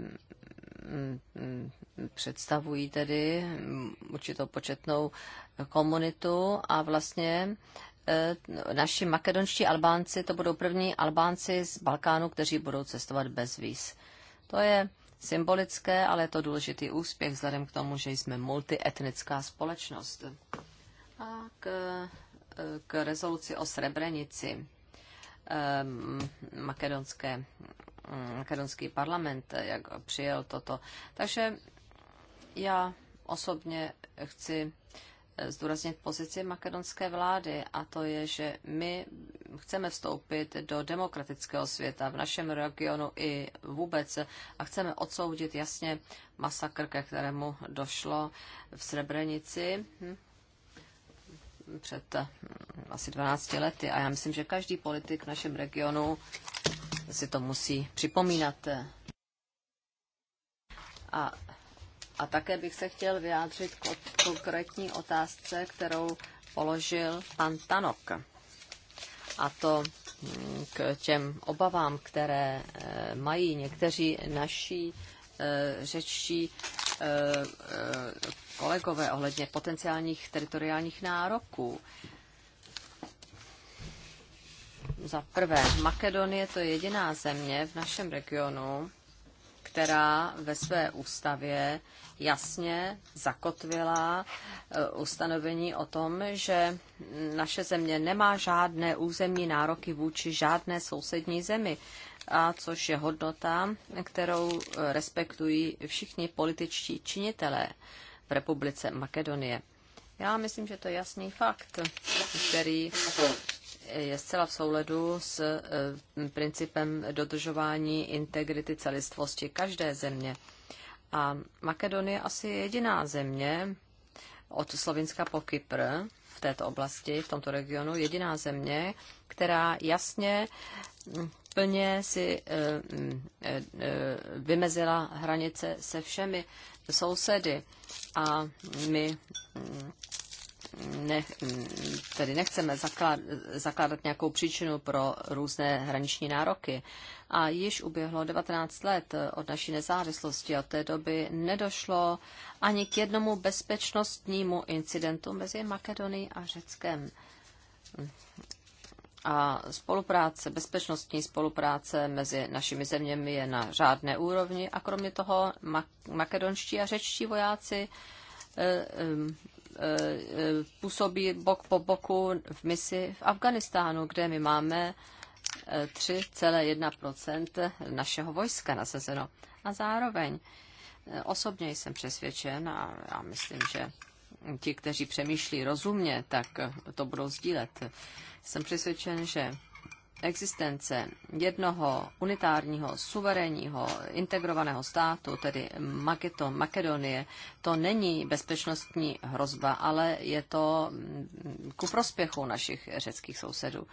představují tedy určitou početnou komunitu a vlastně e, naši makedonští Albánci, to budou první Albánci z Balkánu, kteří budou cestovat bez víz. To je symbolické, ale je to důležitý úspěch vzhledem k tomu, že jsme multietnická společnost. A k, e, k rezoluci o Srebrenici e, makedonské, makedonský parlament, jak přijel toto. Takže já osobně chci eh, zdůraznit pozici makedonské vlády a to je, že my chceme vstoupit do demokratického světa v našem regionu i vůbec a chceme odsoudit jasně masakr, ke kterému došlo v Srebrenici hm, před hm, asi 12 lety a já myslím, že každý politik v našem regionu si to musí připomínat. A a také bych se chtěl vyjádřit k konkrétní otázce, kterou položil pan Tanok. A to mm, k těm obavám, které eh, mají někteří naši eh, řečtí eh, kolegové ohledně potenciálních teritoriálních nároků. Za prvé, Makedonie to je jediná země v našem regionu, která ve své ústavě jasně zakotvila eh, ustanovení o tom, že naše země nemá žádné územní nároky vůči žádné sousední zemi, a což je hodnota, kterou eh, respektují všichni političtí činitelé v Republice Makedonie. Já myslím, že to je jasný fakt, který je zcela v souledu s eh, principem dodržování integrity celistvosti každé země. A Makedonie asi je jediná země od Slovinska po Kypr v této oblasti, v tomto regionu, jediná země, která jasně hm, plně si eh, hm, eh, vymezila hranice se všemi sousedy. A my hm, ne, tedy nechceme zaklad, zakládat nějakou příčinu pro různé hraniční nároky. A již uběhlo 19 let od naší nezávislosti a od té doby nedošlo ani k jednomu bezpečnostnímu incidentu mezi Makedonií a Řeckem. A spolupráce, bezpečnostní spolupráce mezi našimi zeměmi je na řádné úrovni a kromě toho makedonští a řečtí vojáci eh, Eh, působí bok po boku v misi v Afganistánu, kde my máme 3,1 eh, našeho vojska nasazeno. A zároveň eh, osobně jsem přesvědčen a já myslím, že ti, kteří přemýšlí rozumně, tak to budou sdílet. Jsem přesvědčen, že existence jednoho unitárního, suverénního, integrovaného státu, tedy Maketo Makedonie, to není bezpečnostní hrozba, ale je to ku prospěchu našich řeckých sousedů.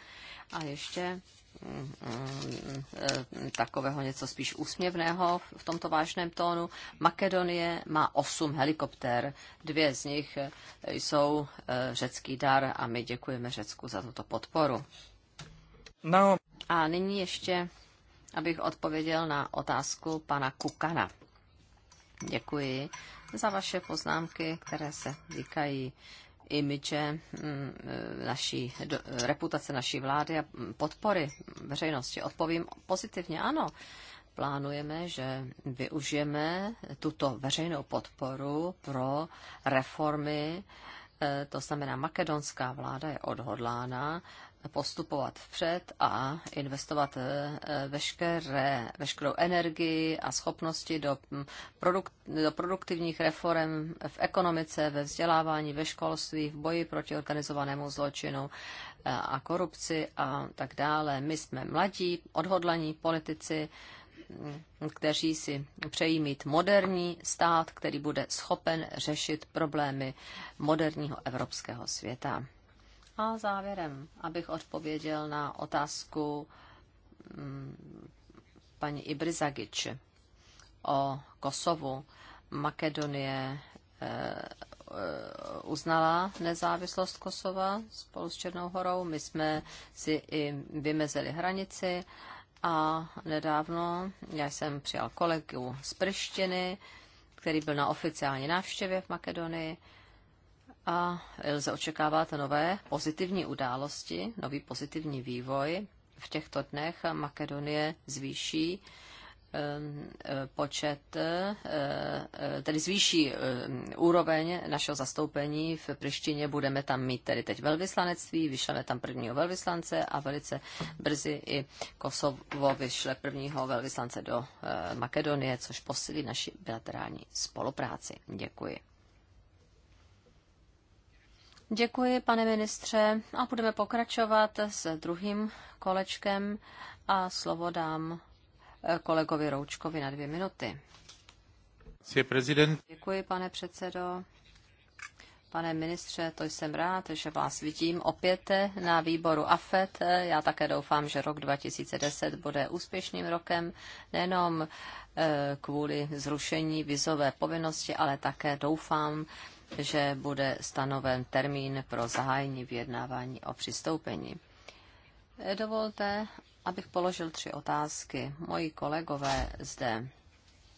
A ještě mm, mm, takového něco spíš úsměvného v tomto vážném tónu. Makedonie má osm helikoptér, dvě z nich jsou eh, řecký dar a my děkujeme Řecku za tuto podporu. No. A nyní ještě, abych odpověděl na otázku pana Kukana. Děkuji za vaše poznámky, které se týkají imidže mm, naší, reputace naší vlády a podpory veřejnosti. Odpovím pozitivně, ano. Plánujeme, že využijeme tuto veřejnou podporu pro reformy, eh, to znamená makedonská vláda je odhodlána postupovat vpřed a investovat eh, veškeré, veškerou energii a schopnosti do, mm, produkt, do produktivních reform v ekonomice, ve vzdělávání, ve školství, v boji proti organizovanému zločinu eh, a korupci a tak dále. My jsme mladí, odhodlaní politici, mm, kteří si přejí mít moderní stát, který bude schopen řešit problémy moderního evropského světa. A závěrem, abych odpověděl na otázku mm, paní Ibrizagič o Kosovu. Makedonie eh, eh, uznala nezávislost Kosova spolu s Černou horou. My jsme si i vymezili hranici a nedávno já jsem přijal kolegu z Prištiny, který byl na oficiální návštěvě v Makedonii a e, lze očekávat nové pozitivní události, nový pozitivní vývoj. V těchto dnech Makedonie zvýší e, počet, e, tedy zvýší úroveň našeho zastoupení v Prištině. Budeme tam mít tedy teď velvyslanectví, vyšleme tam prvního velvyslance a velice brzy i Kosovo vyšle prvního velvyslance do Makedonie, což posilí naši bilaterální spolupráci. Děkuji. Děkuji, pane ministře, a budeme pokračovat s druhým kolečkem a slovo dám eh, kolegovi Roučkovi na dvě minuty. Děkuji, pane předsedo. Pane ministře, to jsem rád, že vás vidím opět na výboru AFET. Já také doufám, že rok 2010 bude úspěšným rokem, nejenom eh, kvůli zrušení vizové povinnosti, ale také doufám, že bude stanoven termín pro zahájení vyjednávání o přistoupení. Dovolte, abych položil tři otázky. Moji kolegové zde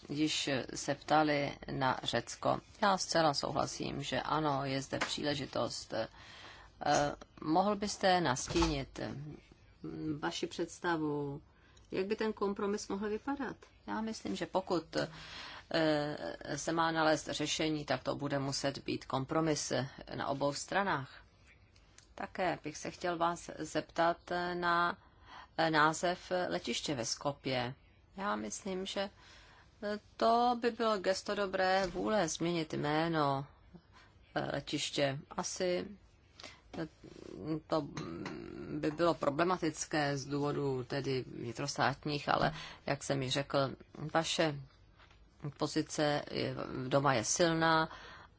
již se ptali na Řecko. Já zcela souhlasím, že ano, je zde příležitost. Eh, mohl byste nastínit eh, vaši představu, jak by ten kompromis mohl vypadat? Já myslím, že pokud eh, Eh, se má nalézt řešení, tak to bude muset být kompromis eh, na obou stranách. Také bych se chtěl vás zeptat eh, na název letiště ve Skopě. Já myslím, že to by bylo gesto dobré vůle změnit jméno letiště. Asi to by bylo problematické z důvodu tedy vnitrostátních, ale jak jsem mi řekl, vaše pozice doma je silná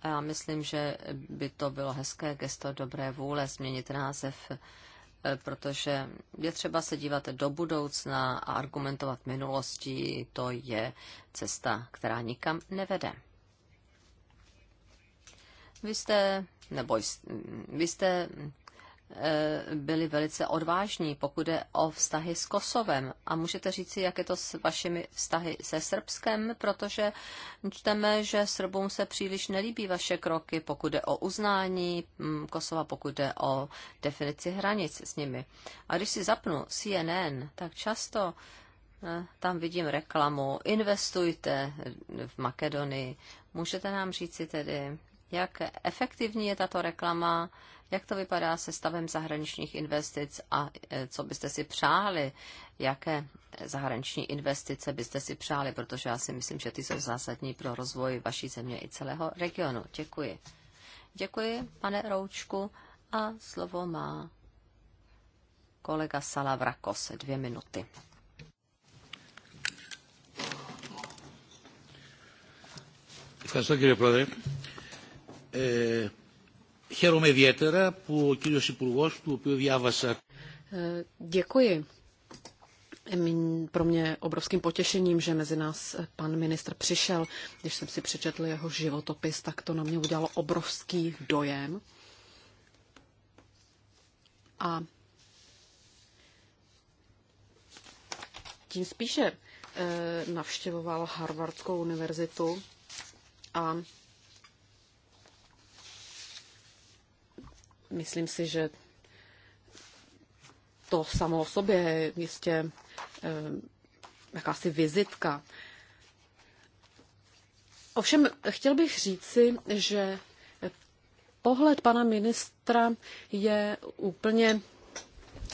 a já myslím, že by to bylo hezké gesto dobré vůle změnit název, eh, protože je třeba se dívat do budoucna a argumentovat minulostí, to je cesta, která nikam nevede. Vy jste, nebo jste, vy jste Eh, byli velice odvážní, pokud je o vztahy s Kosovem. A můžete říci, jak je to s vašimi vztahy se Srbskem, protože čteme, že Srbům se příliš nelíbí vaše kroky, pokud je o uznání mm, Kosova, pokud je o definici hranic s nimi. A když si zapnu CNN, tak často eh, tam vidím reklamu, investujte v Makedonii. Můžete nám říci tedy, jak efektivní je tato reklama, jak to vypadá se stavem zahraničních investic a e, co byste si přáli, jaké zahraniční investice byste si přáli, protože já si myslím, že ty jsou zásadní pro rozvoj vaší země i celého regionu. Děkuji. Děkuji, pane Roučku. A slovo má kolega Salavrakos, dvě minuty. Děkuji κύριε Ε, χαίρομαι ιδιαίτερα που ο κύριος Υπουργός, του οποίου διάβασα... Ε, děkuji. Pro mě obrovským potěšením, že mezi nás e, pan ministr přišel. Když jsem si přečetl jeho životopis, tak to na mě udělalo obrovský dojem. A tím spíše e, navštěvoval Harvardskou univerzitu a Myslím si, že to samo o sobě je jistě eh, jakási vizitka. Ovšem, chtěl bych říci, že pohled pana ministra je úplně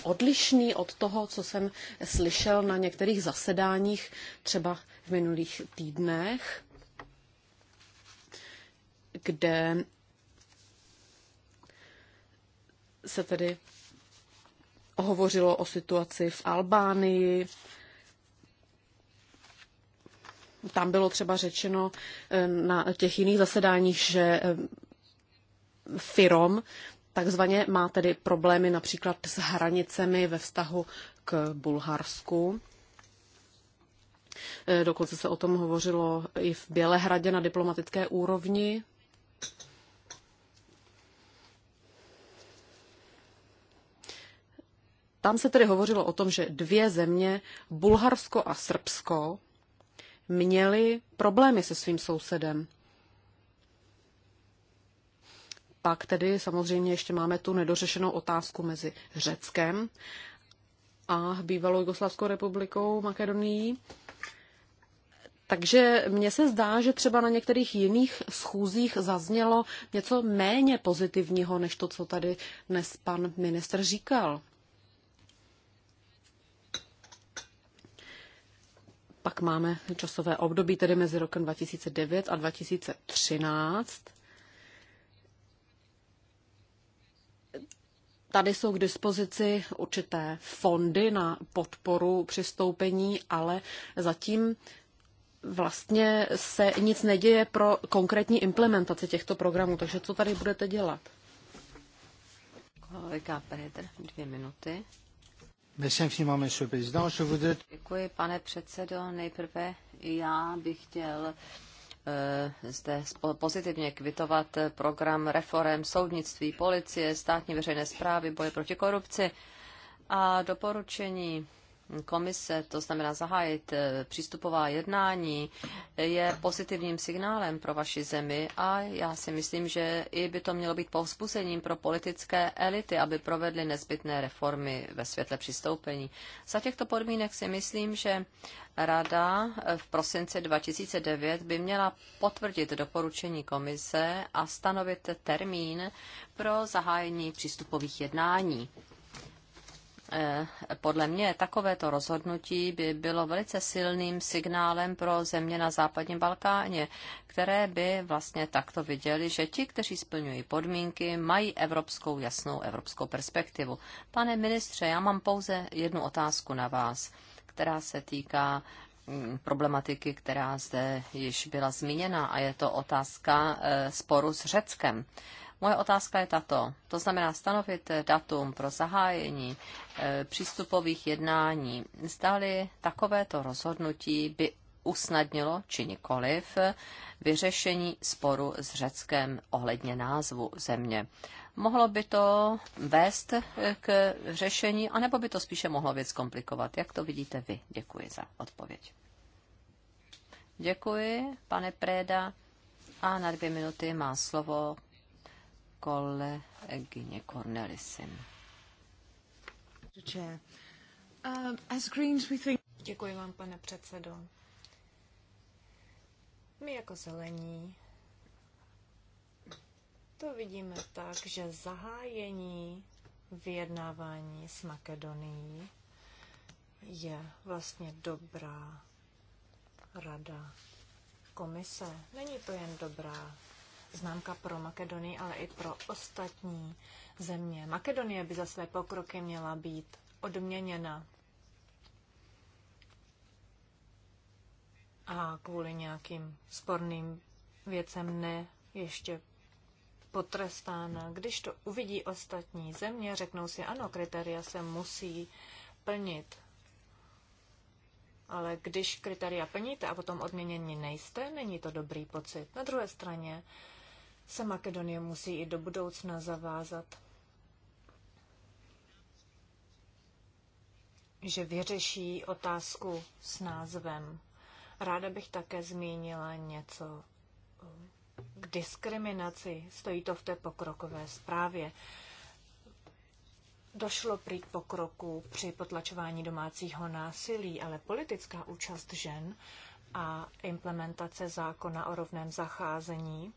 odlišný od toho, co jsem slyšel na některých zasedáních, třeba v minulých týdnech, kde se tedy hovořilo o situaci v Albánii. Tam bylo třeba řečeno eh, na těch jiných zasedáních, že eh, Firom takzvaně má tedy problémy například s hranicemi ve vztahu k Bulharsku. Eh, dokonce se o tom hovořilo i v Bělehradě na diplomatické úrovni. Tam se tedy hovořilo o tom, že dvě země, Bulharsko a Srbsko, měly problémy se svým sousedem. Pak tedy samozřejmě ještě máme tu nedořešenou otázku mezi Řeckem a bývalou Jugoslavskou republikou Makedonií. Takže mně se zdá, že třeba na některých jiných schůzích zaznělo něco méně pozitivního, než to, co tady dnes pan ministr říkal. Pak máme časové období, tedy mezi rokem 2009 a 2013. Tady jsou k dispozici určité fondy na podporu přistoupení, ale zatím vlastně se nic neděje pro konkrétní implementaci těchto programů. Takže co tady budete dělat? Kolega Petr, dvě minuty. Děkuji, pane předsedo. Nejprve já bych chtěl eh, zde pozitivně kvitovat program reform soudnictví, policie, státní veřejné zprávy, boje proti korupci a doporučení komise, to znamená zahájit eh, přístupová jednání, je pozitivním signálem pro vaši zemi a já si myslím, že i by to mělo být povzbuzením pro politické elity, aby provedly nezbytné reformy ve světle přistoupení. Za těchto podmínek si myslím, že Rada eh, v prosinci 2009 by měla potvrdit doporučení komise a stanovit termín pro zahájení přístupových jednání. Eh, podle mě takovéto rozhodnutí by bylo velice silným signálem pro země na západním Balkáně, které by vlastně takto viděli, že ti, kteří splňují podmínky, mají evropskou jasnou evropskou perspektivu. Pane ministře, já mám pouze jednu otázku na vás, která se týká mm, problematiky, která zde již byla zmíněna, a je to otázka eh, sporu s Řeckem. Moje otázka je tato. To znamená stanovit datum pro zahájení eh, přístupových jednání. Zdali takovéto rozhodnutí by usnadnilo či nikoliv vyřešení sporu s Řeckem ohledně názvu země. Mohlo by to vést eh, k řešení, anebo by to spíše mohlo věc komplikovat? Jak to vidíte vy? Děkuji za odpověď. Děkuji, pane Préda. A na dvě minuty má slovo kolegyně Cornelisin. Um, Děkuji vám, pane předsedo. My jako zelení to vidíme tak, že zahájení vyjednávání s Makedonií je vlastně dobrá rada komise. Není to jen dobrá známka pro Makedonii, ale i pro ostatní země. Makedonie by za své pokroky měla být odměněna. A kvůli nějakým sporným věcem ne ještě potrestána. Když to uvidí ostatní země, řeknou si, ano, kritéria se musí plnit. Ale když kritéria plníte a potom odměněni nejste, není to dobrý pocit. Na druhé straně, se Makedonie musí i do budoucna zavázat, že vyřeší otázku s názvem. Ráda bych také zmínila něco k diskriminaci. Stojí to v té pokrokové zprávě. Došlo prý k pokroku při potlačování domácího násilí, ale politická účast žen a implementace zákona o rovném zacházení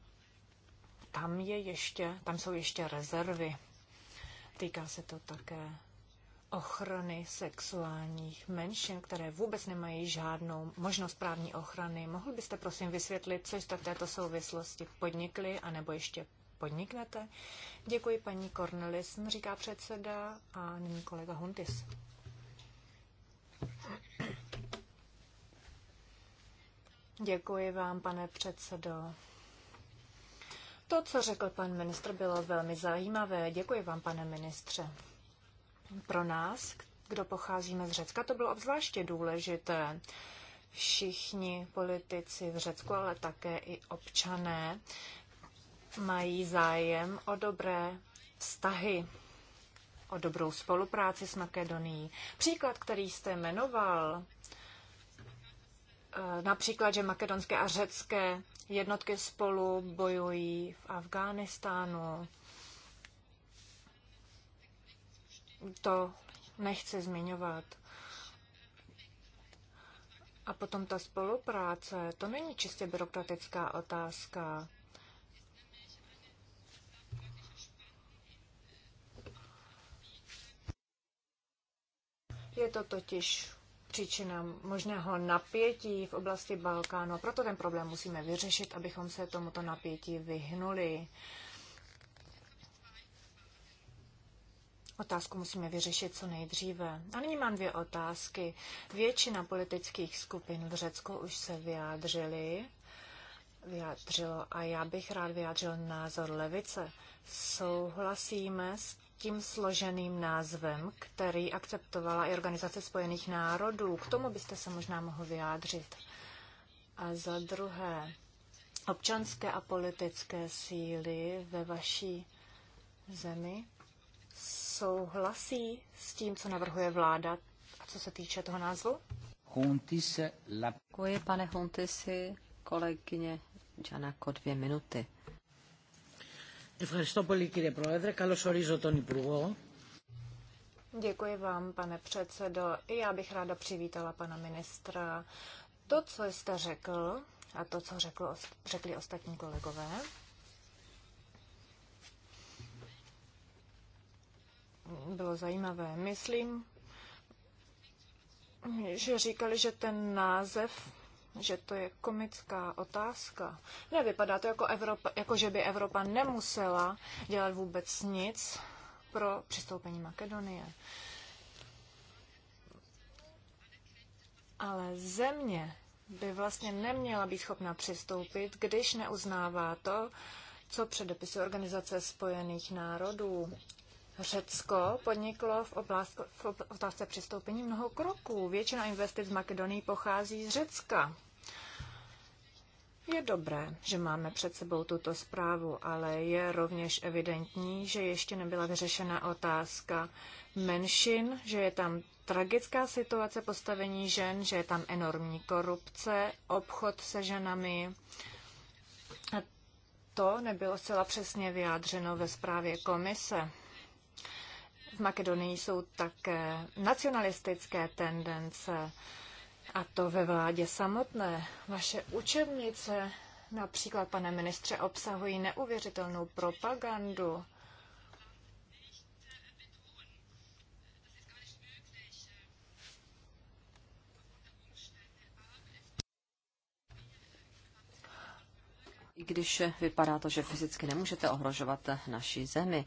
tam, je ještě, tam jsou ještě rezervy. Týká se to také ochrany sexuálních menšin, které vůbec nemají žádnou možnost právní ochrany. Mohl byste prosím vysvětlit, co jste v této souvislosti podnikli, anebo ještě podniknete? Děkuji paní Cornelis, říká předseda a nyní kolega Huntis. Děkuji vám, pane předsedo. To, co řekl pan ministr, bylo velmi zajímavé. Děkuji vám, pane ministře. Pro nás, kdo pocházíme z Řecka, to bylo obzvláště důležité. Všichni politici v Řecku, ale také i občané, mají zájem o dobré vztahy, o dobrou spolupráci s Makedonií. Příklad, který jste jmenoval, e, například, že makedonské a řecké jednotky spolu bojují v Afghánistánu. To nechci zmiňovat. A potom ta spolupráce, to není čistě byrokratická otázka. Je to totiž příčinám možného napětí v oblasti Balkánu. Proto ten problém musíme vyřešit, abychom se tomuto napětí vyhnuli. Otázku musíme vyřešit co nejdříve. A nyní mám dvě otázky. Většina politických skupin v Řecku už se vyjádřili, vyjádřilo a já bych rád vyjádřil názor levice. Souhlasíme s tím složeným názvem, který akceptovala i Organizace spojených národů. K tomu byste se možná mohl vyjádřit. A za druhé, občanské a politické síly ve vaší zemi souhlasí s tím, co navrhuje vláda a co se týče toho názvu? Děkuji, pane Huntisi, kolegyně Janako, jako dvě minuty. Ευχαριστώ πολύ κύριε Πρόεδρε. Καλώς ορίζω τον Υπουργό. Děkuji vám, pane předsedo. I já bych ráda přivítala pana ministra. To, co jste řekl, a to, co řekl, řekli ostatní kolegové, bylo zajímavé. Myslím, že říkali, že ten název že to je komická otázka. vypadá to jako, Evropa, jako že by Evropa nemusela dělat vůbec nic pro přistoupení Makedonie. Ale země by vlastně neměla být schopna přistoupit, když neuznává to, co předepisuje Organizace spojených národů Řecko podniklo v, oblast, v otázce přistoupení mnoho kroků. Většina investic z Makedonii pochází z Řecka. Je dobré, že máme před sebou tuto zprávu, ale je rovněž evidentní, že ještě nebyla vyřešena otázka menšin, že je tam tragická situace postavení žen, že je tam enormní korupce, obchod se ženami. A to nebylo zcela přesně vyjádřeno ve zprávě komise. Makedonii jsou také nacionalistické tendence, a to ve vládě samotné. Vaše učebnice, například, pane ministře, obsahují neuvěřitelnou propagandu. I když vypadá to, že fyzicky nemůžete ohrožovat naší zemi,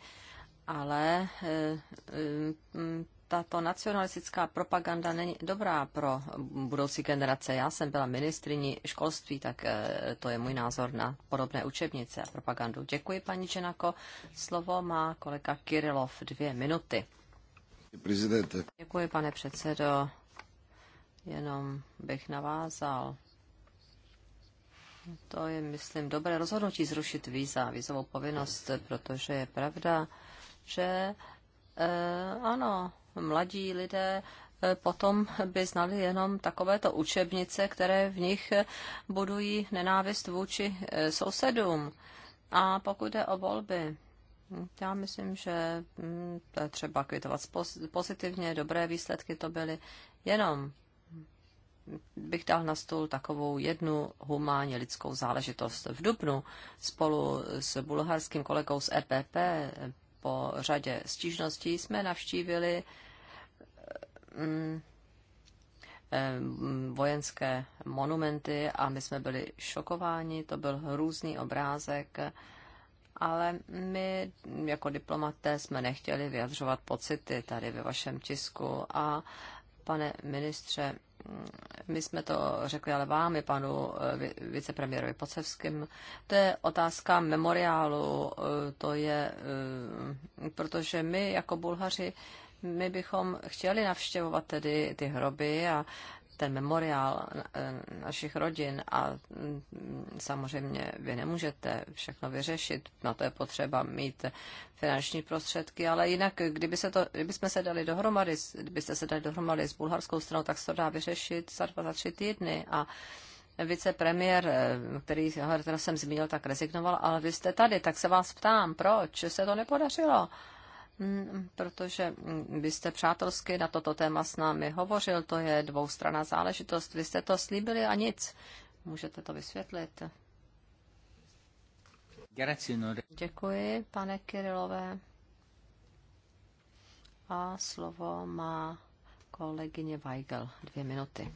ale eh, eh, mm, tato nacionalistická propaganda není dobrá pro budoucí generace. Já jsem byla ministrní školství, tak eh, to je můj názor na podobné učebnice a propagandu. Děkuji, paní Čenako. Slovo má kolega Kirilov dvě minuty. Prezidente. Děkuji, pane předsedo. Jenom bych navázal. To je, myslím, dobré rozhodnutí zrušit víza, vízovou povinnost, protože je pravda, že eh, ano, mladí lidé eh, potom by znali jenom takovéto učebnice, které v nich budují nenávist vůči eh, sousedům. A pokud jde o volby, já myslím, že hm, to je třeba kvitovat pozitivně, dobré výsledky to byly. Jenom bych dal na stůl takovou jednu humánně lidskou záležitost. V Dubnu spolu s bulharským kolegou z EPP po řadě stížností jsme navštívili mm, eh, vojenské monumenty a my jsme byli šokováni, to byl hrůzný obrázek, ale my jako diplomaté jsme nechtěli vyjadřovat pocity tady ve vašem tisku a pane ministře, my jsme to řekli ale vám i panu eh, vicepremiérovi Pocevským, to je otázka memoriálu, eh, to je, eh, protože my jako Bulhaři my bychom chtěli navštěvovat tedy ty hroby a ten memoriál eh, našich rodin a mm, samozřejmě vy nemůžete všechno vyřešit, na to je potřeba mít finanční prostředky, ale jinak, kdyby se to, kdyby jsme se dali dohromady, kdybyste se dali dohromady s bulharskou stranou, tak se to dá vyřešit za dva, za tři týdny a vicepremiér, eh, který eh, jsem zmínil, tak rezignoval, ale vy jste tady, tak se vás ptám, proč se to nepodařilo? Mm, protože mm, vy jste přátelsky na toto téma s námi hovořil, to je dvoustranná záležitost. Vy jste to slíbili a nic. Můžete to vysvětlit? Děkuji, pane Kirilové. A slovo má kolegyně Weigel. Dvě minuty.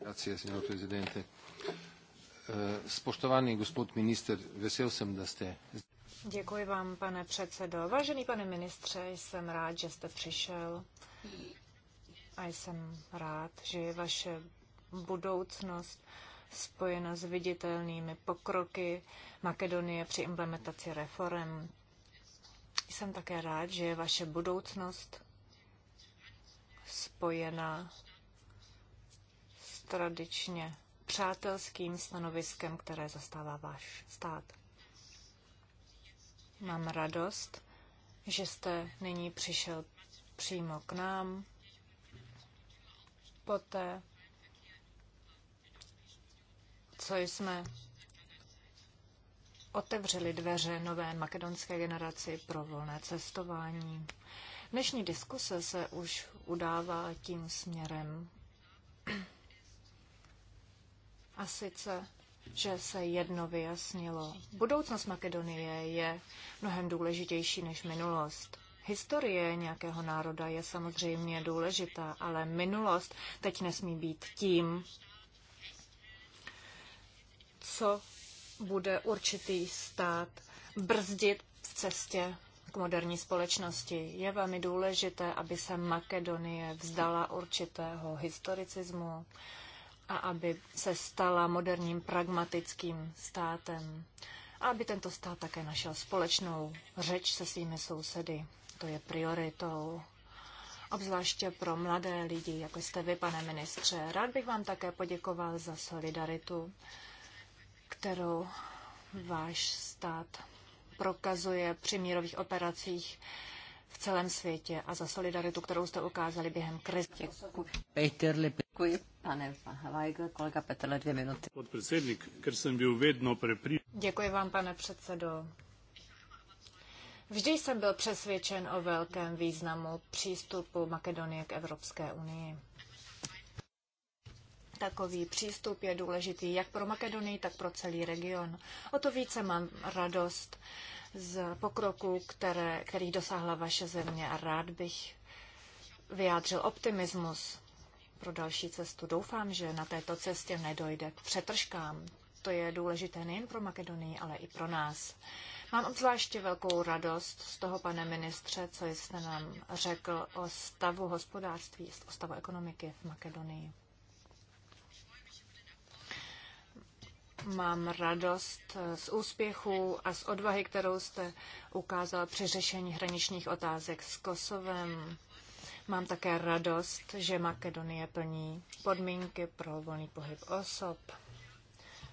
Grazie, signor Presidente. Eh, Spoštovani gospod minister, vesel sem, da ste... Děkuji vám, pane předsedo. Vážený pane ministře, jsem rád, že jste přišel a jsem rád, že je vaše budoucnost spojena s viditelnými pokroky Makedonie při implementaci reform. Jsem také rád, že je vaše budoucnost spojena s tradičně přátelským stanoviskem, které zastává váš stát. Mám radost, že jste nyní přišel přímo k nám. Poté, co jsme otevřeli dveře nové makedonské generaci pro volné cestování. Dnešní diskuse se už udává tím směrem. A sice že se jedno vyjasnilo. Budoucnost Makedonie je mnohem důležitější než minulost. Historie nějakého národa je samozřejmě důležitá, ale minulost teď nesmí být tím, co bude určitý stát brzdit v cestě k moderní společnosti. Je velmi důležité, aby se Makedonie vzdala určitého historicismu, a aby se stala moderním pragmatickým státem. A aby tento stát také našel společnou řeč se svými sousedy. To je prioritou obzvláště pro mladé lidi, jako jste vy, pane ministře. Rád bych vám také poděkoval za solidaritu, kterou váš stát prokazuje při mírových operacích v celém světě a za solidaritu, kterou jste ukázali během krize. Děkuji, pane Weigl, kolega Petrle, dvě minuty. Podpředsednik, ker jsem byl Děkuji vám, pane předsedo. Vždy jsem byl přesvědčen o velkém významu přístupu Makedonie k Evropské unii. Takový přístup je důležitý jak pro Makedonii, tak pro celý region. O to více mám radost, z pokroku, které, který dosáhla vaše země a rád bych vyjádřil optimismus pro další cestu. Doufám, že na této cestě nedojde k přetržkám. To je důležité nejen pro Makedonii, ale i pro nás. Mám obzvláště velkou radost z toho, pane ministře, co jste nám řekl o stavu hospodářství, o stavu ekonomiky v Makedonii. Mám radost eh, z úspěchu a z odvahy, kterou jste ukázal při řešení hraničních otázek s Kosovem. Mám také radost, že Makedonie plní podmínky pro volný pohyb osob.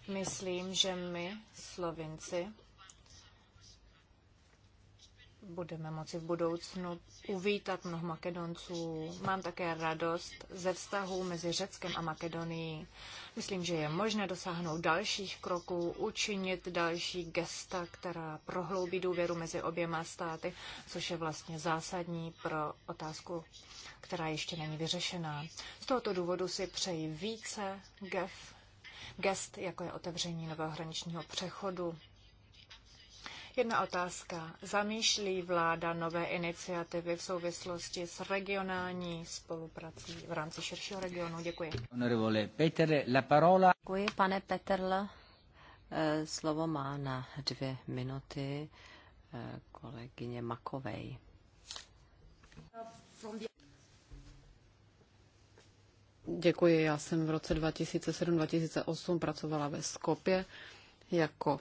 Myslím, že my, Slovinci, budeme moci v budoucnu uvítat mnoho Makedonců. Mám také radost ze vztahu mezi Řeckem a Makedonií. Myslím, že je možné dosáhnout dalších kroků, učinit další gesta, která prohloubí důvěru mezi oběma státy, což je vlastně zásadní pro otázku, která ještě není vyřešená. Z tohoto důvodu si přeji více gef, gest, jako je otevření nového hraničního přechodu Jedna otázka. Zamýšlí vláda nové iniciativy v souvislosti s regionální spoluprací v rámci širšího regionu? Děkuji. Peter, la parola. Děkuji, pane Petrl. Eh, slovo má na dvě minuty eh, kolegyně Makovej. Děkuji. Já jsem v roce 2007-2008 pracovala ve Skopě jako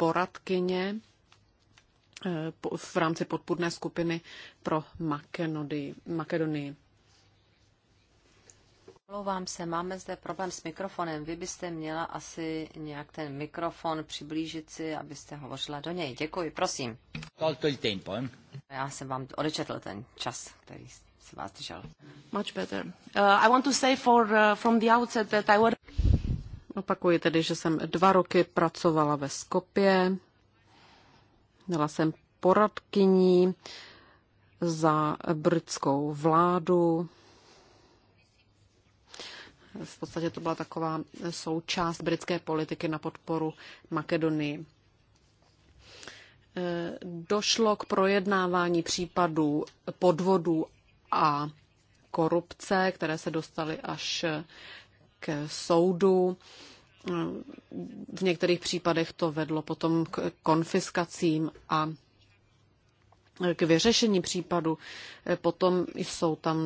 poradkyně eh, v rámci podpůrné skupiny pro Makedonii. Omlouvám se, máme zde problém s mikrofonem. Vy byste měla asi nějak ten mikrofon přiblížit si, abyste hovořila do něj. Děkuji, prosím. tempo, eh? Já jsem vám odečetl ten čas, který se vás držel. Much better. Uh, I want to say for, uh, from the outset that I would Opakuji tedy, že jsem dva roky pracovala ve Skopě. Byla jsem poradkyní za britskou vládu. V podstatě to byla taková součást britské politiky na podporu Makedonii. E, došlo k projednávání případů podvodů a korupce, které se dostaly až k soudu v některých případech to vedlo potom k konfiskacím a k vyřešení případu. Potom jsou tam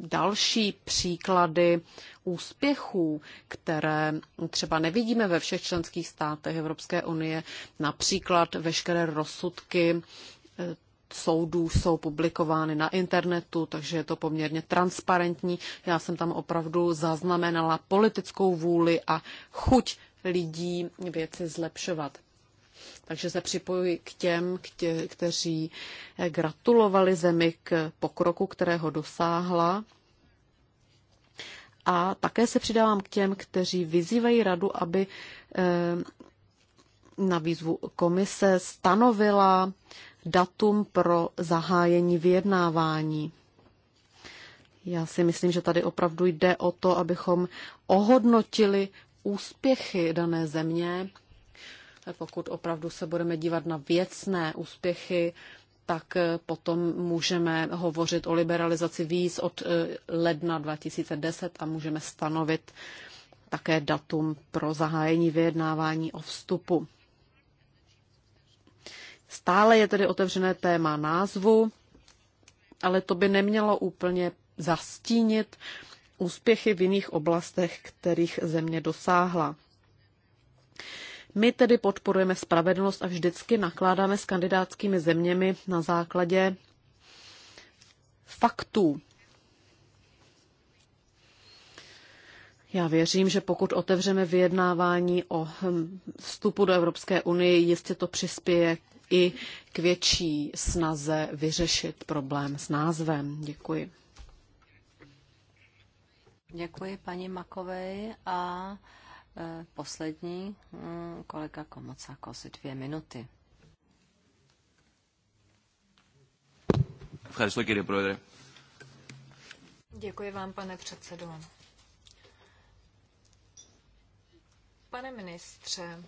další příklady úspěchů, které třeba nevidíme ve všech členských státech Evropské unie, například veškeré rozsudky eh, soudů jsou publikovány na internetu, takže je to poměrně transparentní. Já jsem tam opravdu zaznamenala politickou vůli a chuť lidí věci zlepšovat. Takže se připojuji k těm, tě, kteří eh, gratulovali zemi k pokroku, kterého dosáhla. A také se přidávám k těm, kteří vyzývají radu, aby eh, na výzvu komise stanovila datum pro zahájení vyjednávání. Já si myslím, že tady opravdu jde o to, abychom ohodnotili úspěchy dané země. Pokud opravdu se budeme dívat na věcné úspěchy, tak potom můžeme hovořit o liberalizaci víc od eh, ledna 2010 a můžeme stanovit také datum pro zahájení vyjednávání o vstupu. Stále je tedy otevřené téma názvu, ale to by nemělo úplně zastínit úspěchy v jiných oblastech, kterých země dosáhla. My tedy podporujeme spravedlnost a vždycky nakládáme s kandidátskými zeměmi na základě faktů. Já věřím, že pokud otevřeme vyjednávání o hm, vstupu do Evropské unie, jistě to přispěje i k větší snaze vyřešit problém s názvem. Děkuji. Děkuji paní Makovej a e, poslední mm, kolega asi dvě minuty. Děkuji vám, pane předsedo. Pane ministře,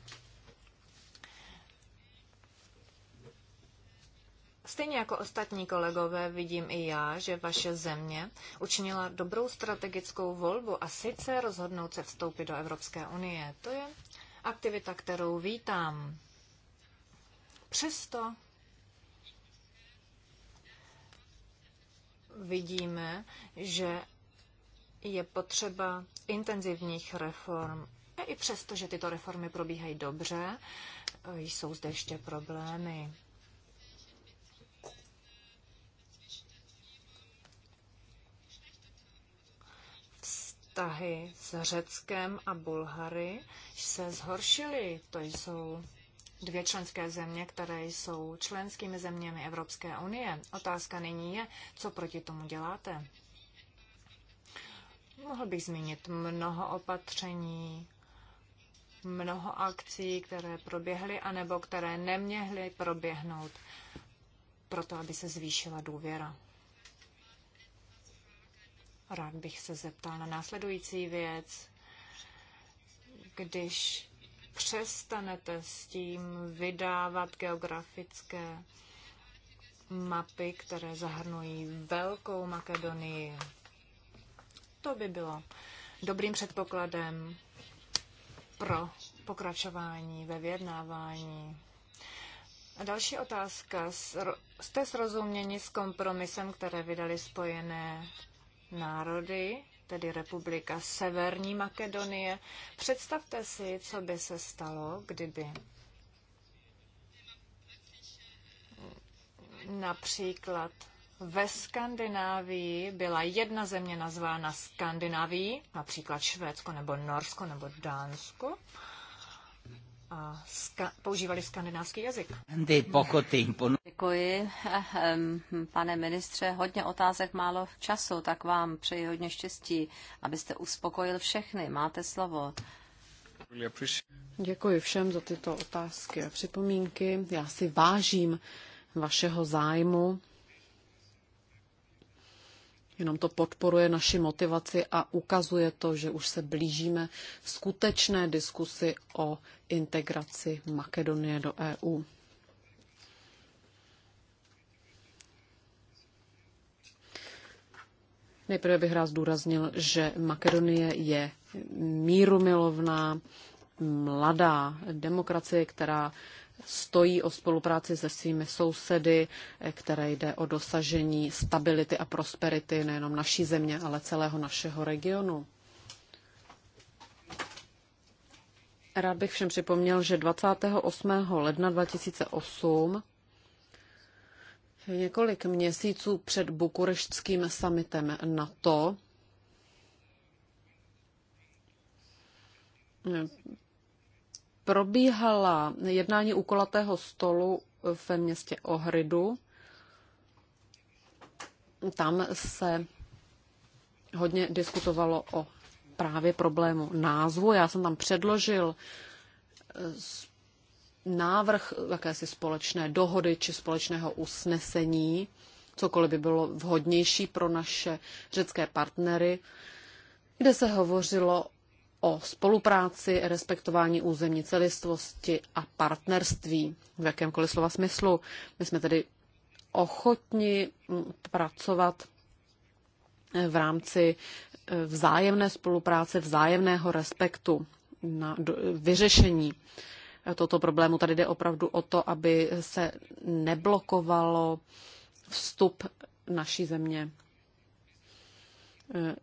Stejně jako ostatní kolegové vidím i já, že vaše země učinila dobrou strategickou volbu a sice rozhodnout se vstoupit do Evropské unie. To je aktivita, kterou vítám. Přesto vidíme, že je potřeba intenzivních reform. A i přesto, že tyto reformy probíhají dobře, jsou zde ještě problémy. vztahy s Řeckem a Bulhary se zhoršily. To jsou dvě členské země, které jsou členskými zeměmi Evropské unie. Otázka nyní je, co proti tomu děláte. Mohl bych zmínit mnoho opatření, mnoho akcí, které proběhly anebo které neměly proběhnout proto, aby se zvýšila důvěra. Rád bych se zeptal na následující věc. Když přestanete s tím vydávat geografické mapy, které zahrnují Velkou Makedonii, to by bylo dobrým předpokladem pro pokračování ve vyjednávání. A další otázka. Jste srozuměni s kompromisem, které vydali Spojené národy, tedy Republika Severní Makedonie. Představte si, co by se stalo, kdyby například ve Skandinávii byla jedna země nazvána Skandinávií, například Švédsko nebo Norsko nebo Dánsko, a ska- používali skandinávský jazyk. Děkuji, ehm, pane ministře. Hodně otázek, málo času, tak vám přeji hodně štěstí, abyste uspokojil všechny. Máte slovo. Děkuji všem za tyto otázky a připomínky. Já si vážím vašeho zájmu Jenom to podporuje naši motivaci a ukazuje to, že už se blížíme skutečné diskusi o integraci Makedonie do EU. Nejprve bych rád zdůraznil, že Makedonie je mírumilovná, mladá demokracie, která stojí o spolupráci se svými sousedy, které jde o dosažení stability a prosperity nejenom naší země, ale celého našeho regionu. Rád bych všem připomněl, že 28. ledna 2008 několik měsíců před bukureštským summitem NATO probíhala jednání u kolatého stolu ve městě Ohridu. Tam se hodně diskutovalo o právě problému názvu. Já jsem tam předložil eh, návrh jakési společné dohody či společného usnesení, cokoliv by bylo vhodnější pro naše řecké partnery, kde se hovořilo o spolupráci, respektování územní celistvosti a partnerství v jakémkoliv slova smyslu. My jsme tedy ochotni pracovat v rámci eh, vzájemné spolupráce, vzájemného respektu na vyřešení eh, toto problému. Tady jde opravdu o to, aby se neblokovalo vstup naší země eh,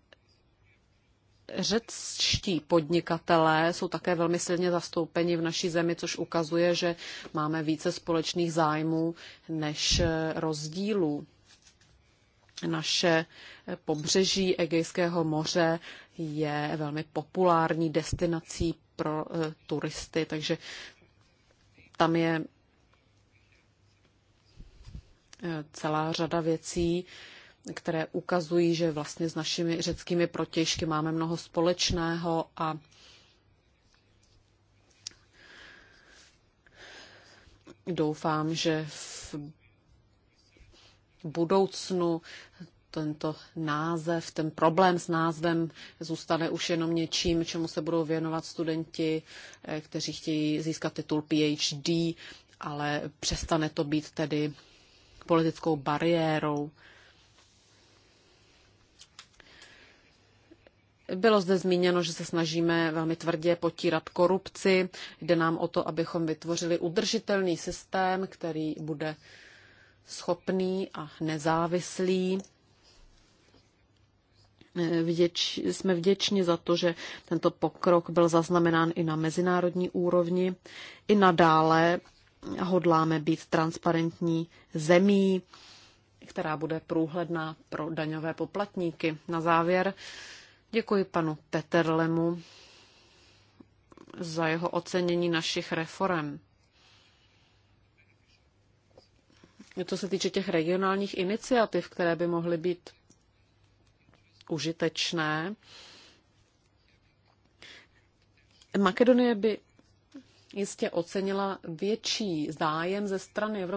řečtí podnikatelé jsou také velmi silně zastoupeni v naší zemi, což ukazuje, že máme více společných zájmů než rozdílů. Naše pobřeží Egejského moře je velmi populární destinací pro e, turisty, takže tam je eh, celá řada věcí, e, které ukazují, že vlastně s našimi řeckými protěžky máme mnoho společného a doufám, že v budoucnu tento název, ten problém s názvem zůstane už jenom něčím, čemu se budou věnovat studenti, eh, kteří chtějí získat titul PhD, ale přestane to být tedy politickou bariérou. Bylo zde zmíněno, že se snažíme velmi tvrdě potírat korupci. Jde nám o to, abychom vytvořili udržitelný systém, který bude schopný a nezávislý. Vděč, jsme vděční za to, že tento pokrok byl zaznamenán i na mezinárodní úrovni. I nadále hodláme být transparentní zemí, která bude průhledná pro daňové poplatníky. Na závěr Děkuji panu Peterlemu za jeho ocenění našich reform. Co se týče těch regionálních iniciativ, které by mohly být užitečné, Makedonie by jistě ocenila větší zájem ze strany Evropské